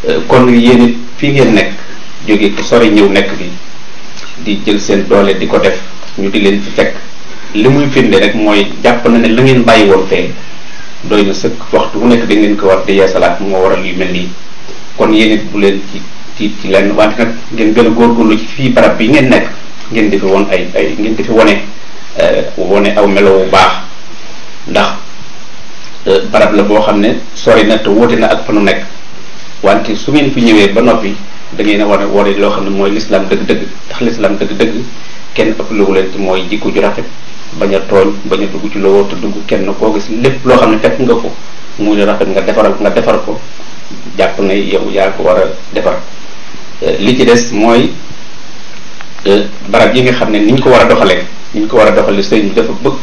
euh, kon yéen it fii ngeen nekk jóge sori ñëw nekk fii di jël seen doole di ko def ñu di leen fi fekk li muy firnde rek mooy jàpp na ne la ngeen bàyyi woon fee doy na sëkk waxtu wu nekk da ngeen ko war di yeesalaat moo war a yu mel nii kon yéen it bu leen ci tiit ci lenn wante ngeen gën a góorgóorlu ci fii barab bi ngeen nekk ngeen defi woon ay ay ngeen defi wone eh, wone aw melo bu baax ndax eh, barab la boo xam ne sori na te wóote na ak fa nu nekk wante su ngeen fi ñëwee ba noppi da ngeen a war a wone loo xam ne mooy lislaam dëgg-dëgg ndax lislaam dëgg-dëgg kenn ëpp lu leen ci mooy jikko ju rafet bañ a tooñ bañ dugg ci lowoo te dugg kenn koo gis lépp loo xam ne fekk nga ko muy lu rafet nga defaral nga defar ko jàpp na yow yaa ko war a defar euh, li ci des mooy euh, barab yi nga xam ne ni ñu ko war a doxalee ni ñu ko war a doxalee sëriñ dafa bëgg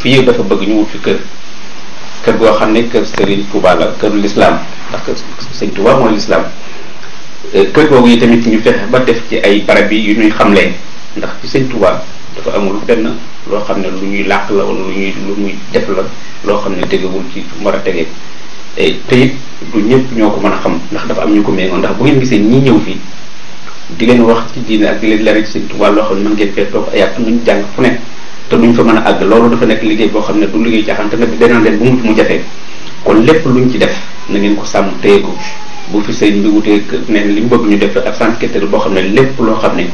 fii dafa bëgg ñu fi kër kër goo xam ne kër sëriñ Touba la këru lislaam ndax sëñ Touba mooy lislaam euh, kër googu tamit ñu ba def ci ay barab yi yu ñuy xamlee ndax fi sëñ Touba dafa amul benn loo xam ne lu ñuy làq la woon lu ñuy lu muy def la loo xam ne tegewul ci war a tege te it du ñëpp ñoo ko mën a xam ndax dafa am ñu ko méngoo ndax bu ngeen gisee ñi ñëw fii di leen wax ci diine ak di leen leeral ci seen tubaab loo xam ne mën ngeen fee toog ay at ñu jàng fa mën a àgg loolu dafa nekk liggéey boo xam ne du liggéey caaxaan te nag danaan leen bu mu mu jafee kon lépp lu ñu ci def na ngeen ko sàmm téye ko bu fi sëñ bi wutee ne li mu bëgg ñu def ab sensibiliser boo xam ne lépp loo xam ne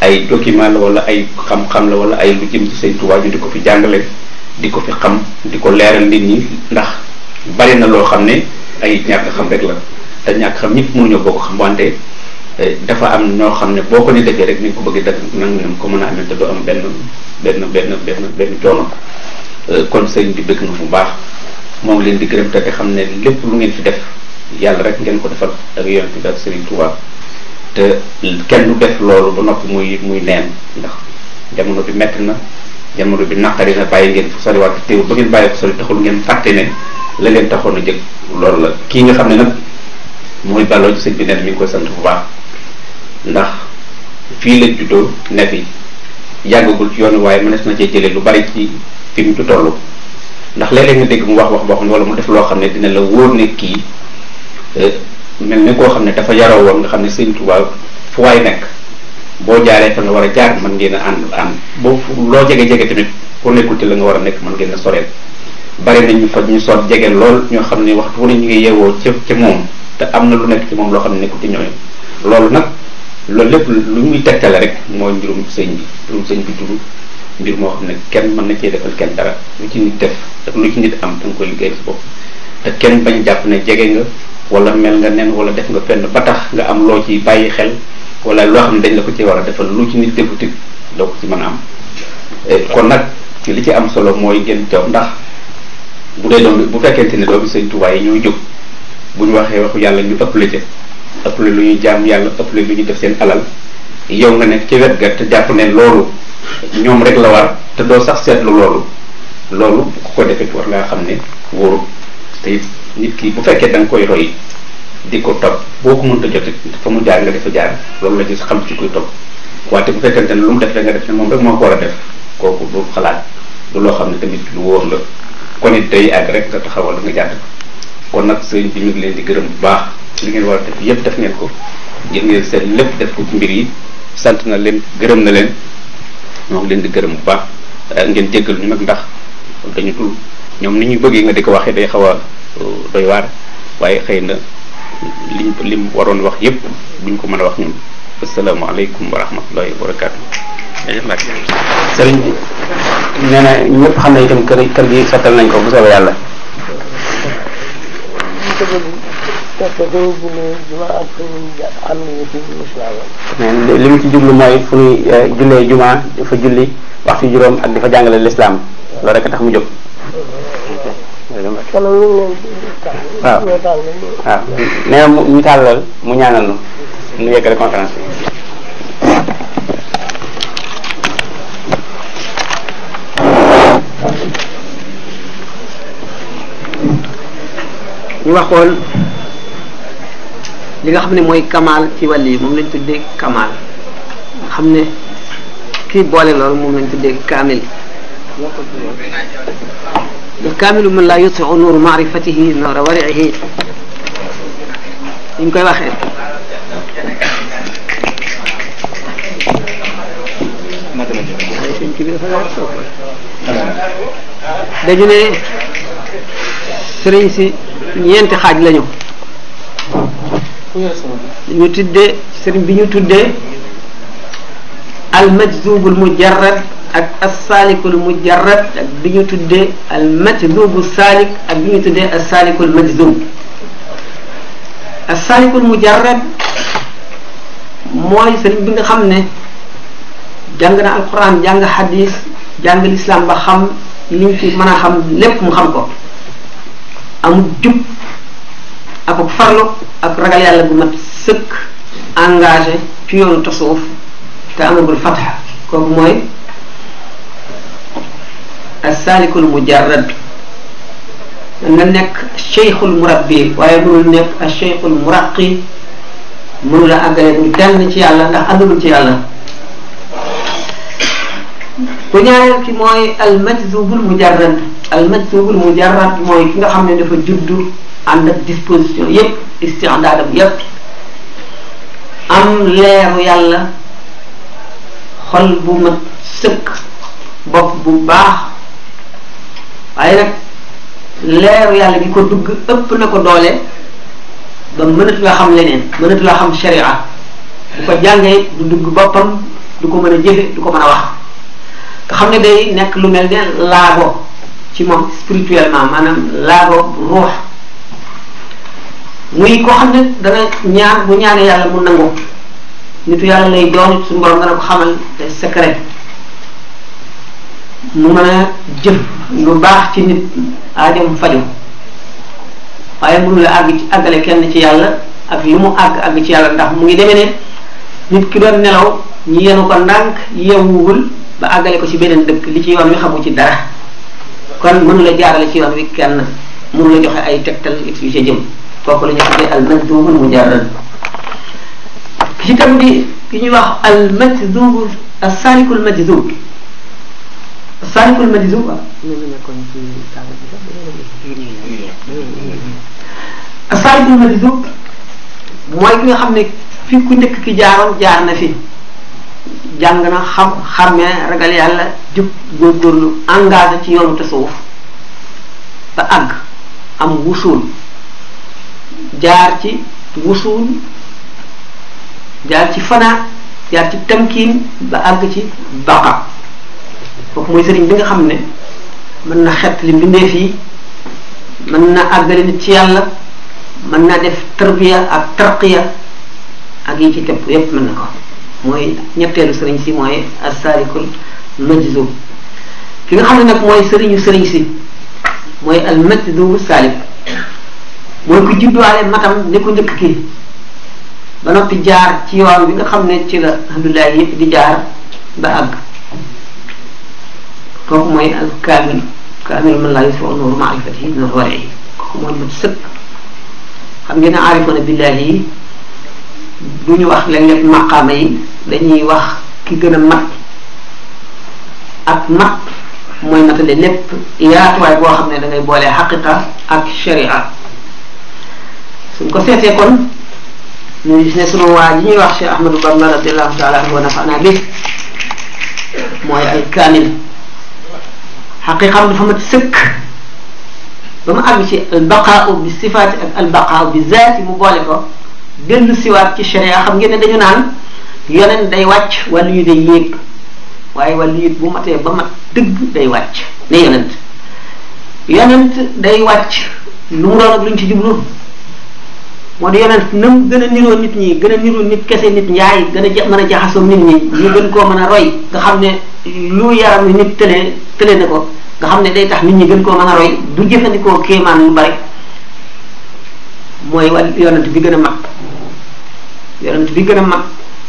ay document la wala ay xam-xam la wala ay lu jëm ci sëñ Tuubaa ñu di ko fi jàngale di ko fi xam di ko leeral nit ñi ndax bari na loo xam ne ay ñàkk xam rek la te ñàkk xam ñëpp mënuñoo bokk xam wante eh, dafa am ñoo xam ne boo ko ni defee rek ni nga ko bëgg def nang nam ko mën a amee te doo am benn benn benn benn benn eh, kon sëñ bi bëgg na fu baax moo ngi leen di gërëm te xam ne lépp lu ngeen fi def yàlla rek ngeen ko defal ak yonent bi ak Sëriñ te kenn du def loolu ba noppi muy muy neen ndax jamono bi mett na jamono bi naqari na bàyyi ngeen fu soriwaat te ba ngeen bàyyi fu sori ngeen fàtte ne la leen taxoon a jëg loolu la kii nga xam ne nag mooy balloo ci sëñ bi nen mi ngi koy sant bu baax ndax fii la juddoo ne fi yàggagul ci yoon waaye mënees na cee jëlee lu bari ci fi mu toll ndax léeg-léeg nga dégg mu wax wax boo xam ne wala mu def loo xam ne dina la wóor ne kii euh, mel ni koo xam ne dafa yaroo woon nga xam ne sëñ Tuubaa fu waaye nekk boo jaaree fa nga war a jaar man ngeen a ànd ànd boo loo jege jege tamit ku nekkul te la nga war a nekk mën ngeen a soreel bari ñu fa ñu soot jege lool ñoo xam ne waxtu ne ñu ngi yeewoo ca ca moom te am na lu nekk ci moom loo xam ne nekkul ci ñooñu loolu nag loolu lépp lu muy tegtale rek mooy mbirum sëñ bi mbirum sëñ bi dund mbir moo xam ne kenn mën na cee defal kenn dara lu ci def ak lu ci nit am da liggéey sa bopp te kenn bañ jàpp ne jege wala mel nga nen wala def nga fenn ba tax nga am loo ci bàyyi xel wala loo xam ne dañ la ko ci war a defal lu ci nit defu tig doo ko ci mën a am eh, kon nag li ci am solo mooy gën teew ndax bu dee doom bu fekkente ne doomi sëñ Tuubaa yi ñoo jóg bu ñu waxee waxu yàlla ñu ëpp la ca ëpp la lu ñuy jaam yàlla ëpp la lu ñuy def seen alal yow nga nekk ci wet ga te jàpp ne loolu ñoom rek la war te doo sax seetlu loolu loolu ku ko defee war ngaa xam ne wóorul te nit kii bu fekkee da nga koy roy di ko topp boo ko mënta jot fa mu jaar nga defa jaar loolu la gis xam ci kuy topp wante bu fekkente ne lu mu def rek nga def ne moom rek moo ko a def kooku du xalaat loo xam ne tamit lu la kon it day àgg rek nga taxawal nga jàdd kon nag sëñ bi ñu ngi leen di gërëm bu baax li ngeen war a def ngeen ko ngeen ngeen lépp def ko mbir yi sant na leen gërëm na leen ñoo leen di gërëm bu baax ngeen jéggal ñu nag ndax dañu dul ñoom ni ñuy bëggee nga di ko waxee day xaw a uh, doy waar waaye xëy na liñ lim waroon wax yépp duñ ko mën a wax ñun asalaamaaleykum wa rahmatullahi wa barakaatu. sëriñ bi nee xam na itam kër gi sottal nañ ko bu soobee yàlla. li mu ci jublu mooy fu ñuy uh, jullee jumaa dafa julli waxtu juróom ak dafa jàngale lislaam loolu rek a tax mu jóg. kon waaw waaw mu ñu tàllal mu ñaanal ñu ñu yeggale conférence bi. ñu waxoon li nga xam ne mooy kamaal ci wàll yi moom lañ tuddee kamaal nga xam ne kii boole lool moom lañ tuddee kaamil بالكامل من لا يطفئ نور معرفته نور ورعه ni ñu koy waxee dañu ne sëriñ si ñeenti xaaj lañu ñu tuddee sëriñ bi ñu tuddee al majzubul mujarrad ak assaalikul mujarrad ak bi ñu tuddee al matlubu saalik ak bi ñu tuddee assaalikul majzum assaalikul mujarrad mooy sëriñ bi nga xam ne jàng na alquran jàng hadis jàng lislaam ba xam ñu fi mën a xam lépp mu xam ko amul jub ak ak farlu ak ragal yàlla bu mat sëkk engagé ci yoonu tasawuf te amagul fataha kooku mooy asaalikul mujarrad nga nekk cheikhul murabbi waaye mënul nekk a cheikhul muraqi mënul a àggale ñu kenn ci yàlla ndax àggagul ci yàlla ku ñaareel ki mooy almajzubul mujarrad almajzubul mujarrad mooy ki nga xam ne dafa juddu ànd ak disposition yépp istidaadam yépp am leeru yàlla xol bu mat sëkk bopp bu baax waaye nag leeru yàlla gi ko dugg ëpp na ko doole ba mënatu la xam leneen mënatu la xam sharia bu ko jàngee du dugg boppam du ko mën a jëfe du ko mën a wax nga xam ne day nekk lu mel ne laago ci moom spirituellement maanaam laago ruux muy koo xam ne dana ñaan bu ñaanee yàlla mu nangu nitu yàlla lay doon suñu borom dana ko xamal te secret mu mën a jëf lu baax ci nit aajam fajum waaye mënu la àgg ci àggale kenn ci yàlla ak li mu àgg àgg ci yàlla ndax mu ngi demee ne nit ki doon nelaw ñu yenu ko ndànk yeewuwul ba àggale ko ci beneen dëkk li ci yoon wi xamu ci dara kon mënu la jaarale ci yoon wi kenn mënu la joxe ay tegtal expliqué jëm kooku la ñu tuddee al majduubul ki ci tam di ki ñuy wax al majduub as-salikul majduub Saarikul Majzuum quoi. Saarikul mooy ki xam ne fi ku njëkk ki jaaroon jaar na fi jàng na xam xàmmee ragal yàlla jub góorgóorlu engagé ci yoonu tasawuf te àgg am wusuul jaar ci wusuul jaar ci fanaa jaar ci tamkiin ba àgg ci baqa kooku mooy sëriñ bi nga xam ne mën na xet li mbindeef fii mën na àggale nit ci yàlla mën na def tarbiya ak tarqiya ak yi ci tepp yépp mën na ko mooy ñetteelu sëriñ si mooy assalikul majzub ki nga xam ne nag mooy sëriñu sëriñ si mooy al majzub saalik mooy ku judduwaale matam ni ko njëkk kii ba noppi jaar ci yoon bi nga xam ne ci la alhamdulilah yëpp di jaar ba àgg kooku mooy al kaamil kaamil man laa yusfa nuuru maarifati min alwari kooku mooy mat sëkk xam ngeen ne aarifoona billaahi yi du ñu wax léeg-léeg maqaama yi dañuy wax ki gën a mat ak mat mooy matale lépp yaatuwaay boo xam ne da boole boolee xaqiqa ak sharia suñ ko seetee kon ñu gis ne waa ji wax Cheikh Ahmadou Bamba radiallahu taala anhu wa nafanaa bi mooy al kaamil xaqiqam dafa mat sëkk ba mu àgg ci albaqaau bi sifaati ak albaqaau bi zaati mu ci sharia xam ngeen ne dañu naan yeneen day wàcc wàllu yu day yéeg waaye wàllu yu bu matee ba mat dëgg day wàcc ne yonent yonent day wàcc lu mu doon ak luñ ci jublu moo di yonent na gën a niroo nit ñi gën a niroo nit kese nit njaay gën a ja a jaxasoo nit ñi ñi gën koo mën a roy nga xam ne lu yaram wi nit tële tële na ko nga xam ne day tax nit ñi gën koo mën a roy du jëfandikoo kéemaan lu bari mooy yonent bi gën a mag yonent bi gën a mag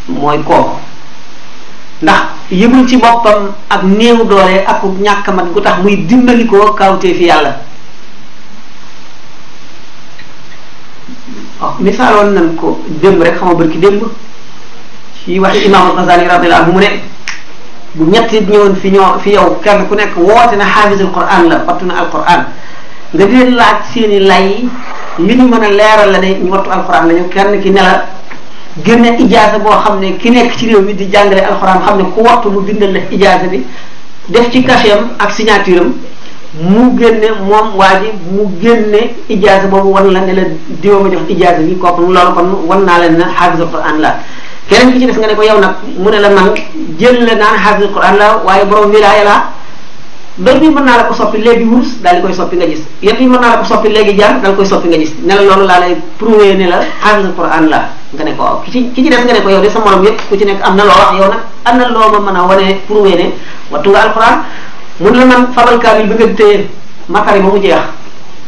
mooy kooku ndax yëgul ci boppam ak néew doole ak ñàkk man gu tax muy dimbali koo kawtee fi yàlla waaw oh, misaaloon nañ ko démb rek xama bërki démb ci waxi imaam al-Ghazali radiyallahu anhu mu ne ñett nit fi ñoo fi yow kenn ku nekk woote na xaafisul Qur'an la wattu na alquran nga leen laaj seen i lay li ñu mën a leeral la ne ñu wattu alquran la kenn ki nela la gën a ijaasa boo xam ne ki nekk ci réew mi di jàngale alquran xam ne ku wattu mu bindal la ijaasa bi def ci cachet ak signature am mu génne moom waa ji mu génne ijaasa boobu wan la ne la diwa ma jox ijaasa bi kooku loolu kon wan naa leen ne xaafisul quran la keneen ki ci des nga ne ko yow nag mu ne la man jël la naan xaafisul quran la waaye borom wilaaya la béy bi mën naa la soppi léegi wurus daal koy soppi nga gis yépp yi naa soppi léegi jar dal koy soppi nga gis ne la laa lay prouvé ne la xaafisul quran la nga ki ci ki ci des nga ne ko yow de sa morom yépp ku ci nekk am na loo wax yow nag am na loo ma mën a wane prouvé ne wattu nga alquran mun la naan fabal kaamil bi nga téye ma tari mu jeex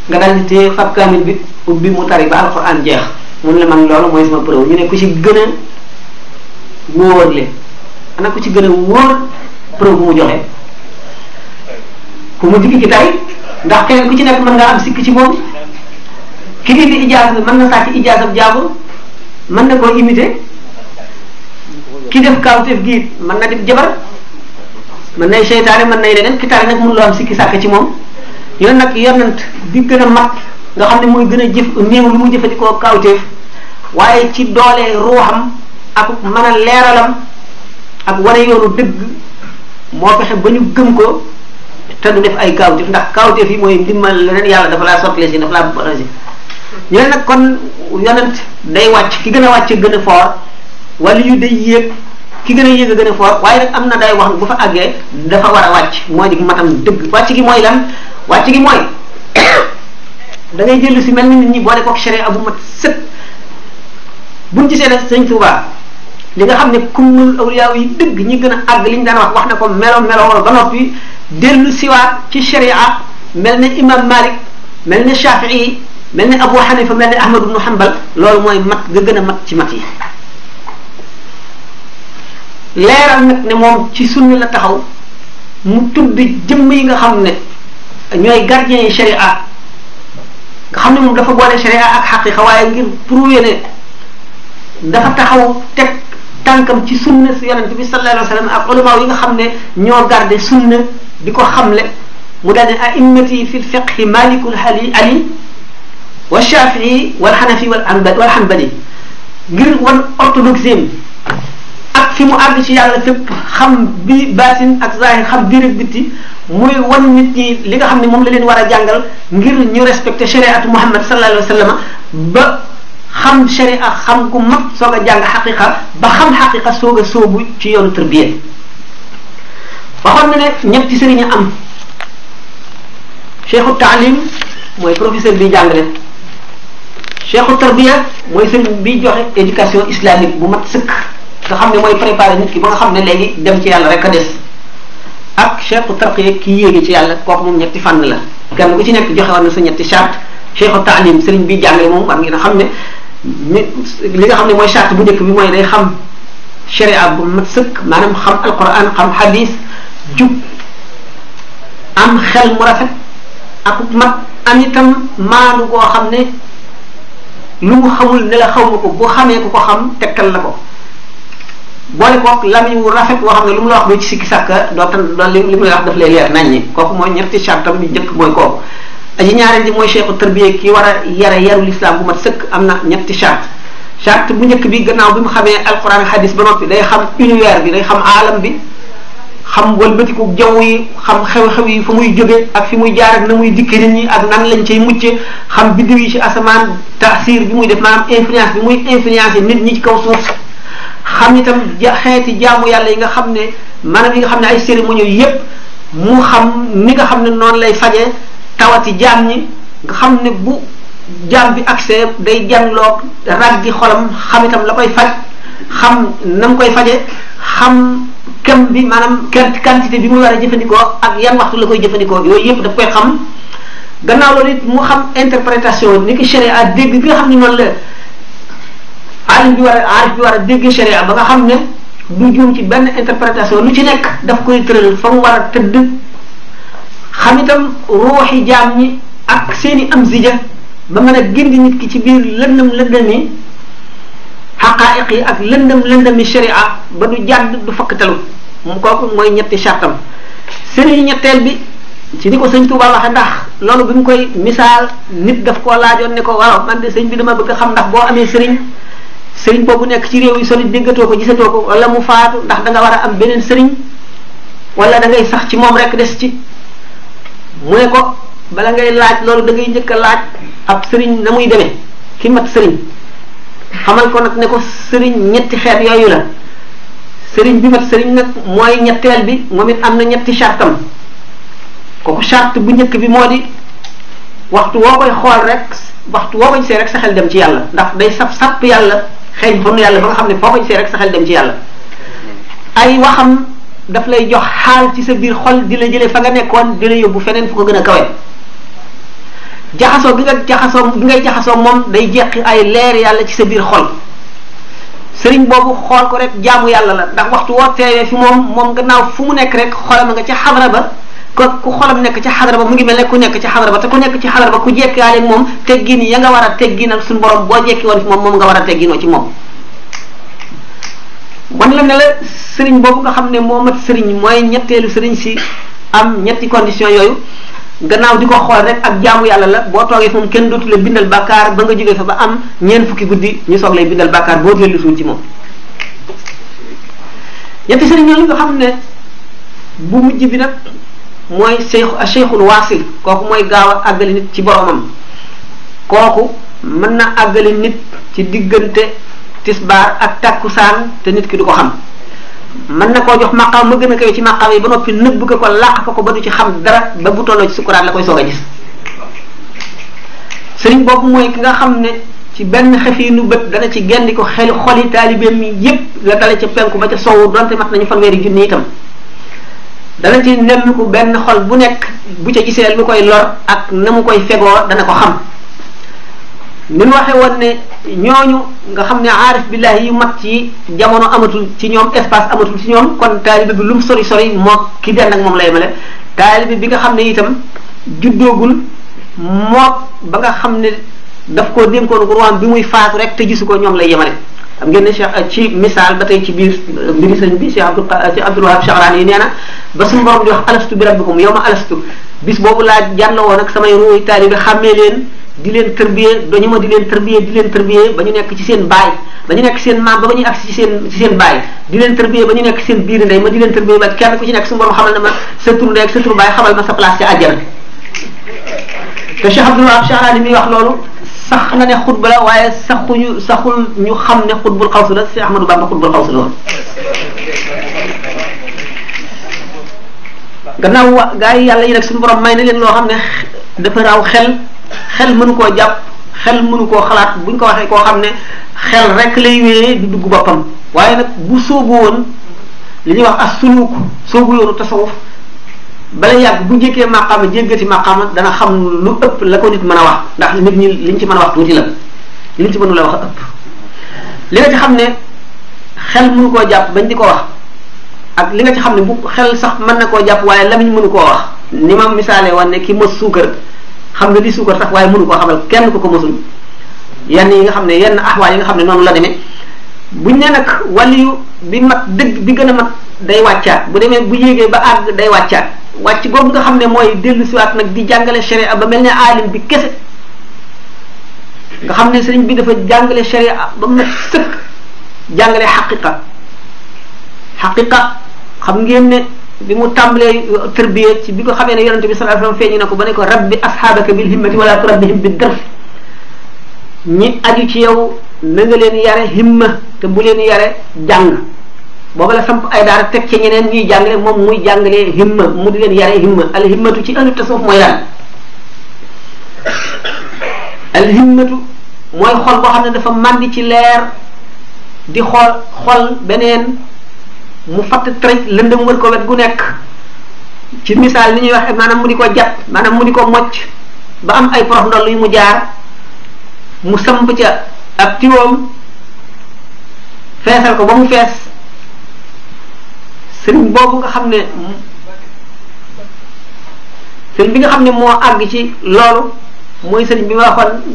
nga daal di téye fab kaamil bi ubbi mu tari ba alxuraan jeex mun la man loolu mooy sama preuve ñu ne ku ci gën a wóor le ana ku ci gën a woor preuve bu mu joxe ku mu digg ci tari ndax keneen ku ci nekk mën nga am sikk ci moom ki di di ijaasa mën na sàcc ijaasab jaabur mën na koo imiter ki def kaawteef gi man na def jabar ma nay seytaane mën nay leneen ki tare nag mënuloo am sikki sàkk ci moom yoon nag yonent bi gën a mat nga xam ne mooy gën a jëf néew lu mu jëfandikoo kawteef waaye ci doole ruuxam ak mën leeralam ak wane yoonu dëgg moo fexe ba ñu gëm ko te du def ay kawteef ndax kawteef yi mooy ndimmal leneen yàlla dafa laa soppale si dafa laa borosé ñu ne nag kon yonent day wàcc ki gën a wàcc gën a foor ki gën a yéeg a gën a foor waaye nag am na day wax bu fa àggee dafa war a wàcc mooy di matam dëgg wàcc gi mooy lan wàcc gi mooy da ngay jël si mel ni nit ñi boole kook sharia bu mat sëpp buñ ci seede sëñ Tuubaa li nga xam ne kumul awliya yi dëgg ñi gën a àgg li ñu daan wax wax na ko melo melo ba noppi dellu si siwaat ci sharia mel ni imam Malik mel ne Shafii mel ne Abu Hanifa mel ne Ahmad ibnu Hanbal loolu mooy mat nga gën a mat ci mat yi leeral nag ne moom ci sunna la taxaw mu tudd jëmm yi nga xam ne ñooy gardien yi sharia nga xam ne moom dafa boole sharia ak xaqiqa waaye dafa taxaw teg tànkam ci sunna si yonent bi sallallahu alayhi wa sallam ak yi nga xam ne ñoo garde sunna di ko xamle mu daal ne a'immati fi lfiqhi malikul ali ali wa shafii wal xanafi wal anbali wal wan orthodoxie ak fi mu àgg ci yàlla fépp xam bi baatin ak zahir xam biir ak bitti muy wan nit ñi li nga xam ne moom la leen war a jàngal ngir ñu respecté shariatu Muhammad sallallahu alayhi wa sallam ba xam sharia xam ku mag soog a jàng xaqiqa ba xam xaqiqa soog a soobu ci yoonu tarbiya waxoon na ne ñetti sëriñ am cheikhu taalim mooy professeur bi jàngale cheikhu tarbiya mooy sëriñ bi joxe éducation islamique bu mat sëkk nga xam ne mooy préparer nit ki ba nga xam ne léegi dem ci yàlla rek a des ak cheikhu tarqiya ki yéegi ci yàlla kooku moom ñetti fànn la kenn ku ci nekk joxe woon na sa ñetti charte cheikhu taalim sëriñ bi jàngale moom war ngeen a xam ne li nga xam ne mooy charte bu njëkk bi mooy day xam sharia bu mat sëkk maanaam xam alquran xam hadis jub am xel mu rafet ak mat itam maanu koo xam ne lu mu xamul ne la xaw ma ko bu xamee ku ko xam tekkal la ko boole kook lamiñ wu rafet woo xam ne lu mu la wax doo ci sikki sàkka doo tan li mu la wax daf lay leer nañ kooku mooy ñetti chartam bi njëkk mooy kooku aji ñaareel ji mooy cheikhu tarbiya ki war a yare yarul islam bu mat sëkk am na ñetti chart chart bu njëkk bi gannaaw bi mu xamee alquran hadis ba noppi day xam univers bi day xam alam bi xam wëlbatiku jaww yi xam xew-xew yi fa muy jóge ak fi muy jaar na muy dikki nit ñi ak nan lañ cay mucce xam biddiw yi ci asamaan taasir bi muy def maanaam influence bi muy influence nit ñi ci kaw suuf xam itam xeeti jaamu yàlla yi nga xam ne maanaam yi nga xam ne ay cérémonie yëpp mu xam ni nga xam ne noonu lay faje tawati jaam ñi nga xam ne bu jaam bi accès day jàngloo ràggi xolam xam itam la koy faj xam na mu koy faje xam kem bi maanaam quantité bi muy war a jëfandikoo ak yan waxtu la koy jëfandikoo yooyu yëpp daf koy xam gannaaw loolu it mu xam interprétation ni ki ak dégg bi nga xam ne noonu la aada bi war a aada ju war a dégg sharia ba nga xam ne du juum ci benn interprétation lu ci nekk daf koy tëral fa mu war a tëdd xam itam ruuxi jaam yi ak seeni am zija ba mën a gi nit ki ci biir lëndëm lëndëmi xaqaayiq yi ak lëndëm lëndëmi sharia ba du jàdd du fakkatalu mu kooku mooy ñetti sàttam sëriñu ñetteel bi ci ni ko sëñ Tuubaa waxe ndax loolu bu mu koy misaal nit daf koo laajoon ne ko waaw man de sëñ bi dama bëgg a xam ndax boo amee sëriñ sëriñ boobu nekk ci réew yi sori déggatoo ko gisatoo ko wala mu faatu ndax da nga war a am beneen sëriñ wala da ngay sax ci moom rek des ci mu ne ko bala ngay laaj loolu dangay ngay njëkk a laaj ab sëriñ na muy demee ki mat sëriñ xamal ko nag ne ko sëriñ ñetti xeet yooyu la sëriñ bi mat sëriñ nag mooy ñetteel bi moom it am na ñetti chartam kooku charte bu njëkk bi moo di waxtu woo koy xool rek waxtu woo koy see rek sa xel dem ci yàlla ndax day sap sap yàlla xeeñ fa nu yàlla xam ne foo ko gisee rek dem ci yàlla ay waxam daf lay jox xaal ci sa biir xol di la jëlee fa nga nekkoon di yóbbu feneen fu ko gën a kawe jaxasoo jaxasoo gi ngay jaxasoo moom day jeqi ay leer yàlla ci sa biir xol sëriñ boobu xool ko rek jaamu yàlla la ndax waxtu woo teewee fi moom moom gannaaw fu mu nekk rek xolam nga ca xabra ba ko ku xolam nekk ci xadara ba mu ngi mel ne ku nekk ci xadara ba te ku nekk ci xadara ba ku jekkaaleeg moom teggin ya nga war a tegginal suñu borom boo jekki woon fi moom moom nga war a tegginoo ci moom wan la ne sëriñ boobu nga xam ne moo mat sëriñ mooy ñetteelu sëriñ si am ñetti condition yooyu gannaaw di ko xool rek ak jaamu yàlla la boo toogee fa kenn dootu bindal bàkkaar ba nga jógee fa ba am ñeent fukki guddi ñu soog lay bindal bàkkaar boo dellu suñ ci moom ñetti sëriñ yooyu nga xam ne bu mujj bi nag mooy seexu a seexul waasil kooku mooy gaaw a àggali nit ci boromam kooku mën na àggali nit ci diggante tisbaar ak takkusaan te nit ki du ko xam mën na koo jox maqaam ma gën a koy ci maqaam yi ba noppi nëbb ko ko làq ko ko ba du ci xam dara ba bu tolloo ci sukuraat la koy soog a gis sëriñ boobu mooy ki nga xam ne ci benn xefiinu bët dana ci gendi ko xel xoli taalibeem yépp la dale ca penku ba ca sowwu donte mat nañu fanweeri junni itam dana ci ko benn xol bu nekk bu ca gisee lu koy lor ak na mu koy fegoo dana ko xam ni mu waxee woon ne ñooñu nga xam ne aarif billahi yu mat ci jamono amatul ci ñoom espace amatul ci ñoom kon taalibe bi lu mu sori sori moo ki dend moom lay male taalibe bi nga xam ne itam juddoogul moo ba nga xam ne daf koo dénkoon ruwaam bi muy faatu rek te gisu ko ñoom lay yemale xam ngeen ne Cheikh euh, ci misaal ba tey ci biir euh, mbiri sëñ bi Cheikh Abdou euh, Cheikh Abdul ba suñu borom di wax alastu bi rabbikum yow ma alastu bis boobu laa jàlla woon ak samay ruuy taalibe xàmmee leen leen di leen tërbiyee di leen tërbiyee ba ñu nekk ci seen baay ba ñu nekk seen maam ba ba ñuy agsi ci ci seen baay di leen tërbiyee ba ñu nekk seen biir ndey ma di ba xamal na ma sa tur ndey ak sa tur baay xamal ma sa place ci sax na ne xutba la waaye saxuñu saxul ñu xam ne xutbul bu la si Ahmadou Bamba xutbul xawsu la woon gannaaw wa gaa yi yàlla yi nag suñu borom may na leen loo xam ne dafa raw xel xel mënu koo jàpp xel mënu koo xalaat buñ ko waxee koo xam ne xel rek lay wéyee di dugg boppam waaye nag bu sóobu woon li ñuy wax as suluuk sóobu yoonu tasawuf bala yàgg bu njëkkee maqaama jéggati maqaama dana xam lu ëpp la ko nit mën a wax ndax nit ñi liñ ci mën a wax tuuti la liñ ci mënu la wax li nga xam ne xel mënu koo jàpp bañ di ko wax ak li nga ci xam ne bu xel sax mën na koo jàpp waaye lamiñ mënu koo wax ni ma misaale wan ne ki mos suukar xam nga li suukar sax waaye mënu koo xamal kenn ku ko mosul yenn yi nga xam ne yenn axwaay yi nga xam ne noonu la demee buñ ne nag waliyu bi mag dëgg bi gën a mag day wàccaat bu demee bu yéegee ba àgg day wàccaat wàcc boobu nga xam ne mooy dellu siwaat nag di jàngale sharia ba mel ne aalim bi kese nga xam ne sëriñ bi dafa jàngale sharia ba mu sëkk jàngale xaqiqa xaqiqa xam ngeen ne bi mu tàmbalee tërbiye ci bi ko xamee ne yonente bi sallallahu alayhi wasallam feeñu na ko ba ne ko rabbi ashabaka bil himmati wala turabbihim bid darf ñi aju ci yow na nga leen yare himma te bu leen yare jàng booba la samp ay daara teg ci ñeneen ñuy jàngale moom muy jàngale himma mu di leen yare himma al himmatu ci ahlu tasawuf mooy lan al himmatu mooy xol boo xam ne dafa màndi ci leer di xool xol beneen mu fatt tërëj lëndëm wër ko wet gu nekk ci misaal ni ñuy wax maanaam mu di ko jat maanaam mu di ko mocc ba am ay prof ndoll yu mu jaar mu samp ca ab tiwoom feesal ko ba mu fees sëriñ boobu nga xam ne sëriñ bi nga xam ne moo àgg ci loolu mooy sëriñ bi ma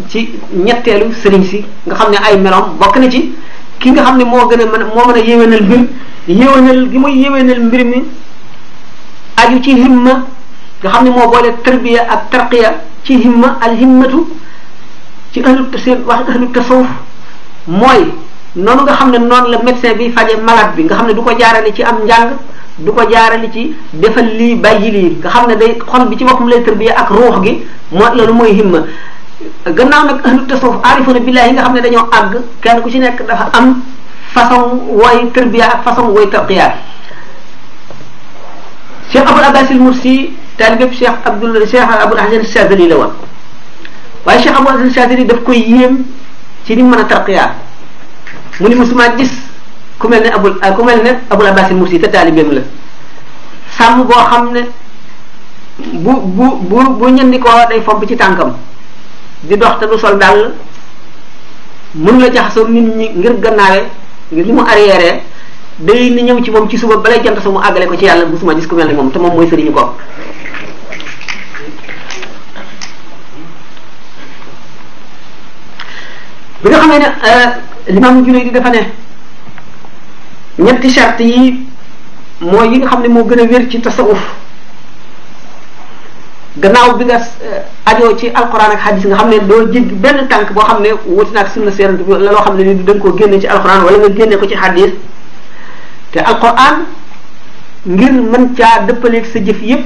ci ñetteelu sëriñ si nga xam ne ay meloom bokk na ci ki nga xam ne moo gën a mën moo mën a yéwénal mbir yéwénal gi muy yéwénal mbir mi aju ci himma nga xam ne moo boole tarbiya ak tarqiya ci himma al ci ahlu seen wax ahlu mooy noonu nga xam ne noonu la médecin bi faje malade bi nga xam ne du ko jaarale ci am njàng du ko jaarale ci defal lii bàyyi lii nga xam ne day xol bi ci boppam lay tërbiya ak ruux gi moo loolu mooy himma gannaaw nag ahlu yi nga xam ne dañoo àgg kenn ku ci nekk dafa am façon wooy tërbiya ak façon wooy tarqiya cheikh abul abbas al mursi taalibeb cheikh abdul cheikh abul hasan chadili la woon waaye cheikh abul hasan chadili daf koy yéem ci ni mën a tarqiya mu ni mosuma gis ku mel ne abul ku mel ne abul abbasin mursi te taalibeem la sàmm boo xam ne bu bu bu bu ñendi ko day fomp ci tànkam di dox te du sol dàll mën la jaxasoo nit ñi ngir gannaawe ngir li mu arrière day ni ñëw ci moom ci suba balay jant sa mu àggale ko ci yàlla mosuma gis ku mel ne moom te moom mooy sëriñu ko bi nga xamee ne euh, limaam Junayd dafa ne ñetti charte yi mooy yi nga xam ne moo gën a wér ci tasawuf gannaaw bi nga euh, ajoo ci alquran ak hadis nga xam ne doo jéggi benn tànk boo xam ne wuti naag sunna seerante bi la loo xam ne ni da nga koo génne ci alquran wala nga génne ko ci hadis te mën caa dëppaleeg sa jëf yépp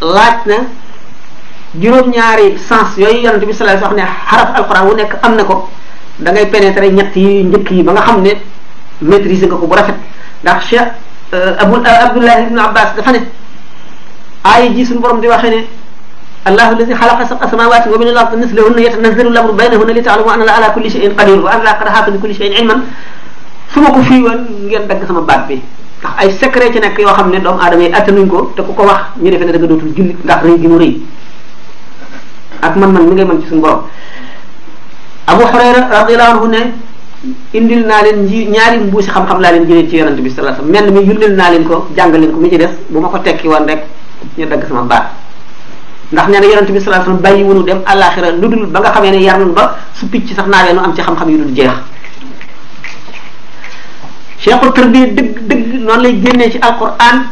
laaj na juróom-ñaari sens yooyu yonente bi sallallahu alayhi wasallam ne xaraf alquran wu nekk am na ko da ngay pénétrer ñett yi njëkk yi ba nga xam ne maîtriser nga ko bu rafet ndax Cheikh euh, Abu euh, Abdullah ibn Abbas dafa ne aaya ji suñu borom di waxee ne allahu alladi xalaqa sab'a samawati wa min al-ardi mislahunna yatanazzalu al-amru baynahunna li ta'lamu anna ala kulli shay'in qadir wa anna allaha qad ahata bi kulli shay'in ilman su ma ko fii woon ngeen dagg sama baat bi ndax ay secret ci nekk yoo xam ne doomu aadama yi attanuñ ko te ku ko wax ñu defe ne da nga dootul jullit ndax rëy gi mu rëy ak man man mi ngay mën ci suñu borom Abu Hurayra radiyallahu anhu ne indil naa leen nji ñaari mbuusi xam-xam laa leen jëlee ci yonent bi sallallahu alayhi wasallam mel mi yullil naa leen ko jàngal leen ko mi ci des bu ma ko tekki woon rek ñu dagg sama baat ndax nee na yonent bi sallallahu alayhi dem àllaaxira lu dul ba nga xamee ne ba su picc sax naa leen am ci xam-xam yu dul jeex cheikhu tarbiya dëgg dëgg noonu lay génnee ci alquran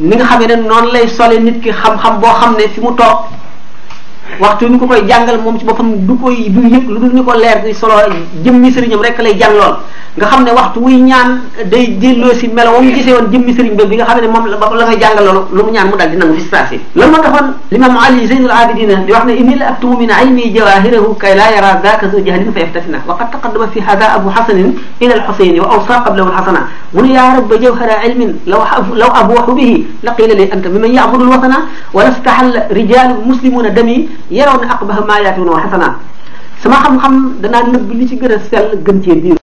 ni nga xamee ne noonu lay sole nit ki xam-xam boo xam ne fi mu toog waxtu ñu ko koy jàngal moom ci boppam du koy du yëg lu dul ni ko leer di solo jëmmi sëriñam rek lay jànglool nga xam ne waxtu wuy ñaan day delloo si melo moom gisee woon jëmmi sëriñ ba bi nga xam ne moom la ngay jàngal loolu lu mu ñaan mu dal di nangu si saasi lan moo taxoon l'imam ali zeynul abidina di wax ne inni la aktumu min ilmi jawahirahu kay la yara daka zo jahlin fa yaftatina wa qad taqaddama fi hada abu hasanin ila alxusayni wa awsa qablahu alxasana mu ne yaa rabba jawhara ilmin law law abwaxu bihi la qila li anta mimman yacbudu alwatana wa lastaxal rijalu muslimuna dami yaraw na aqbaha maa yaatuuna wa xasanaa sama xam-xam danaa nëbb li ci gën a sell gën cee biir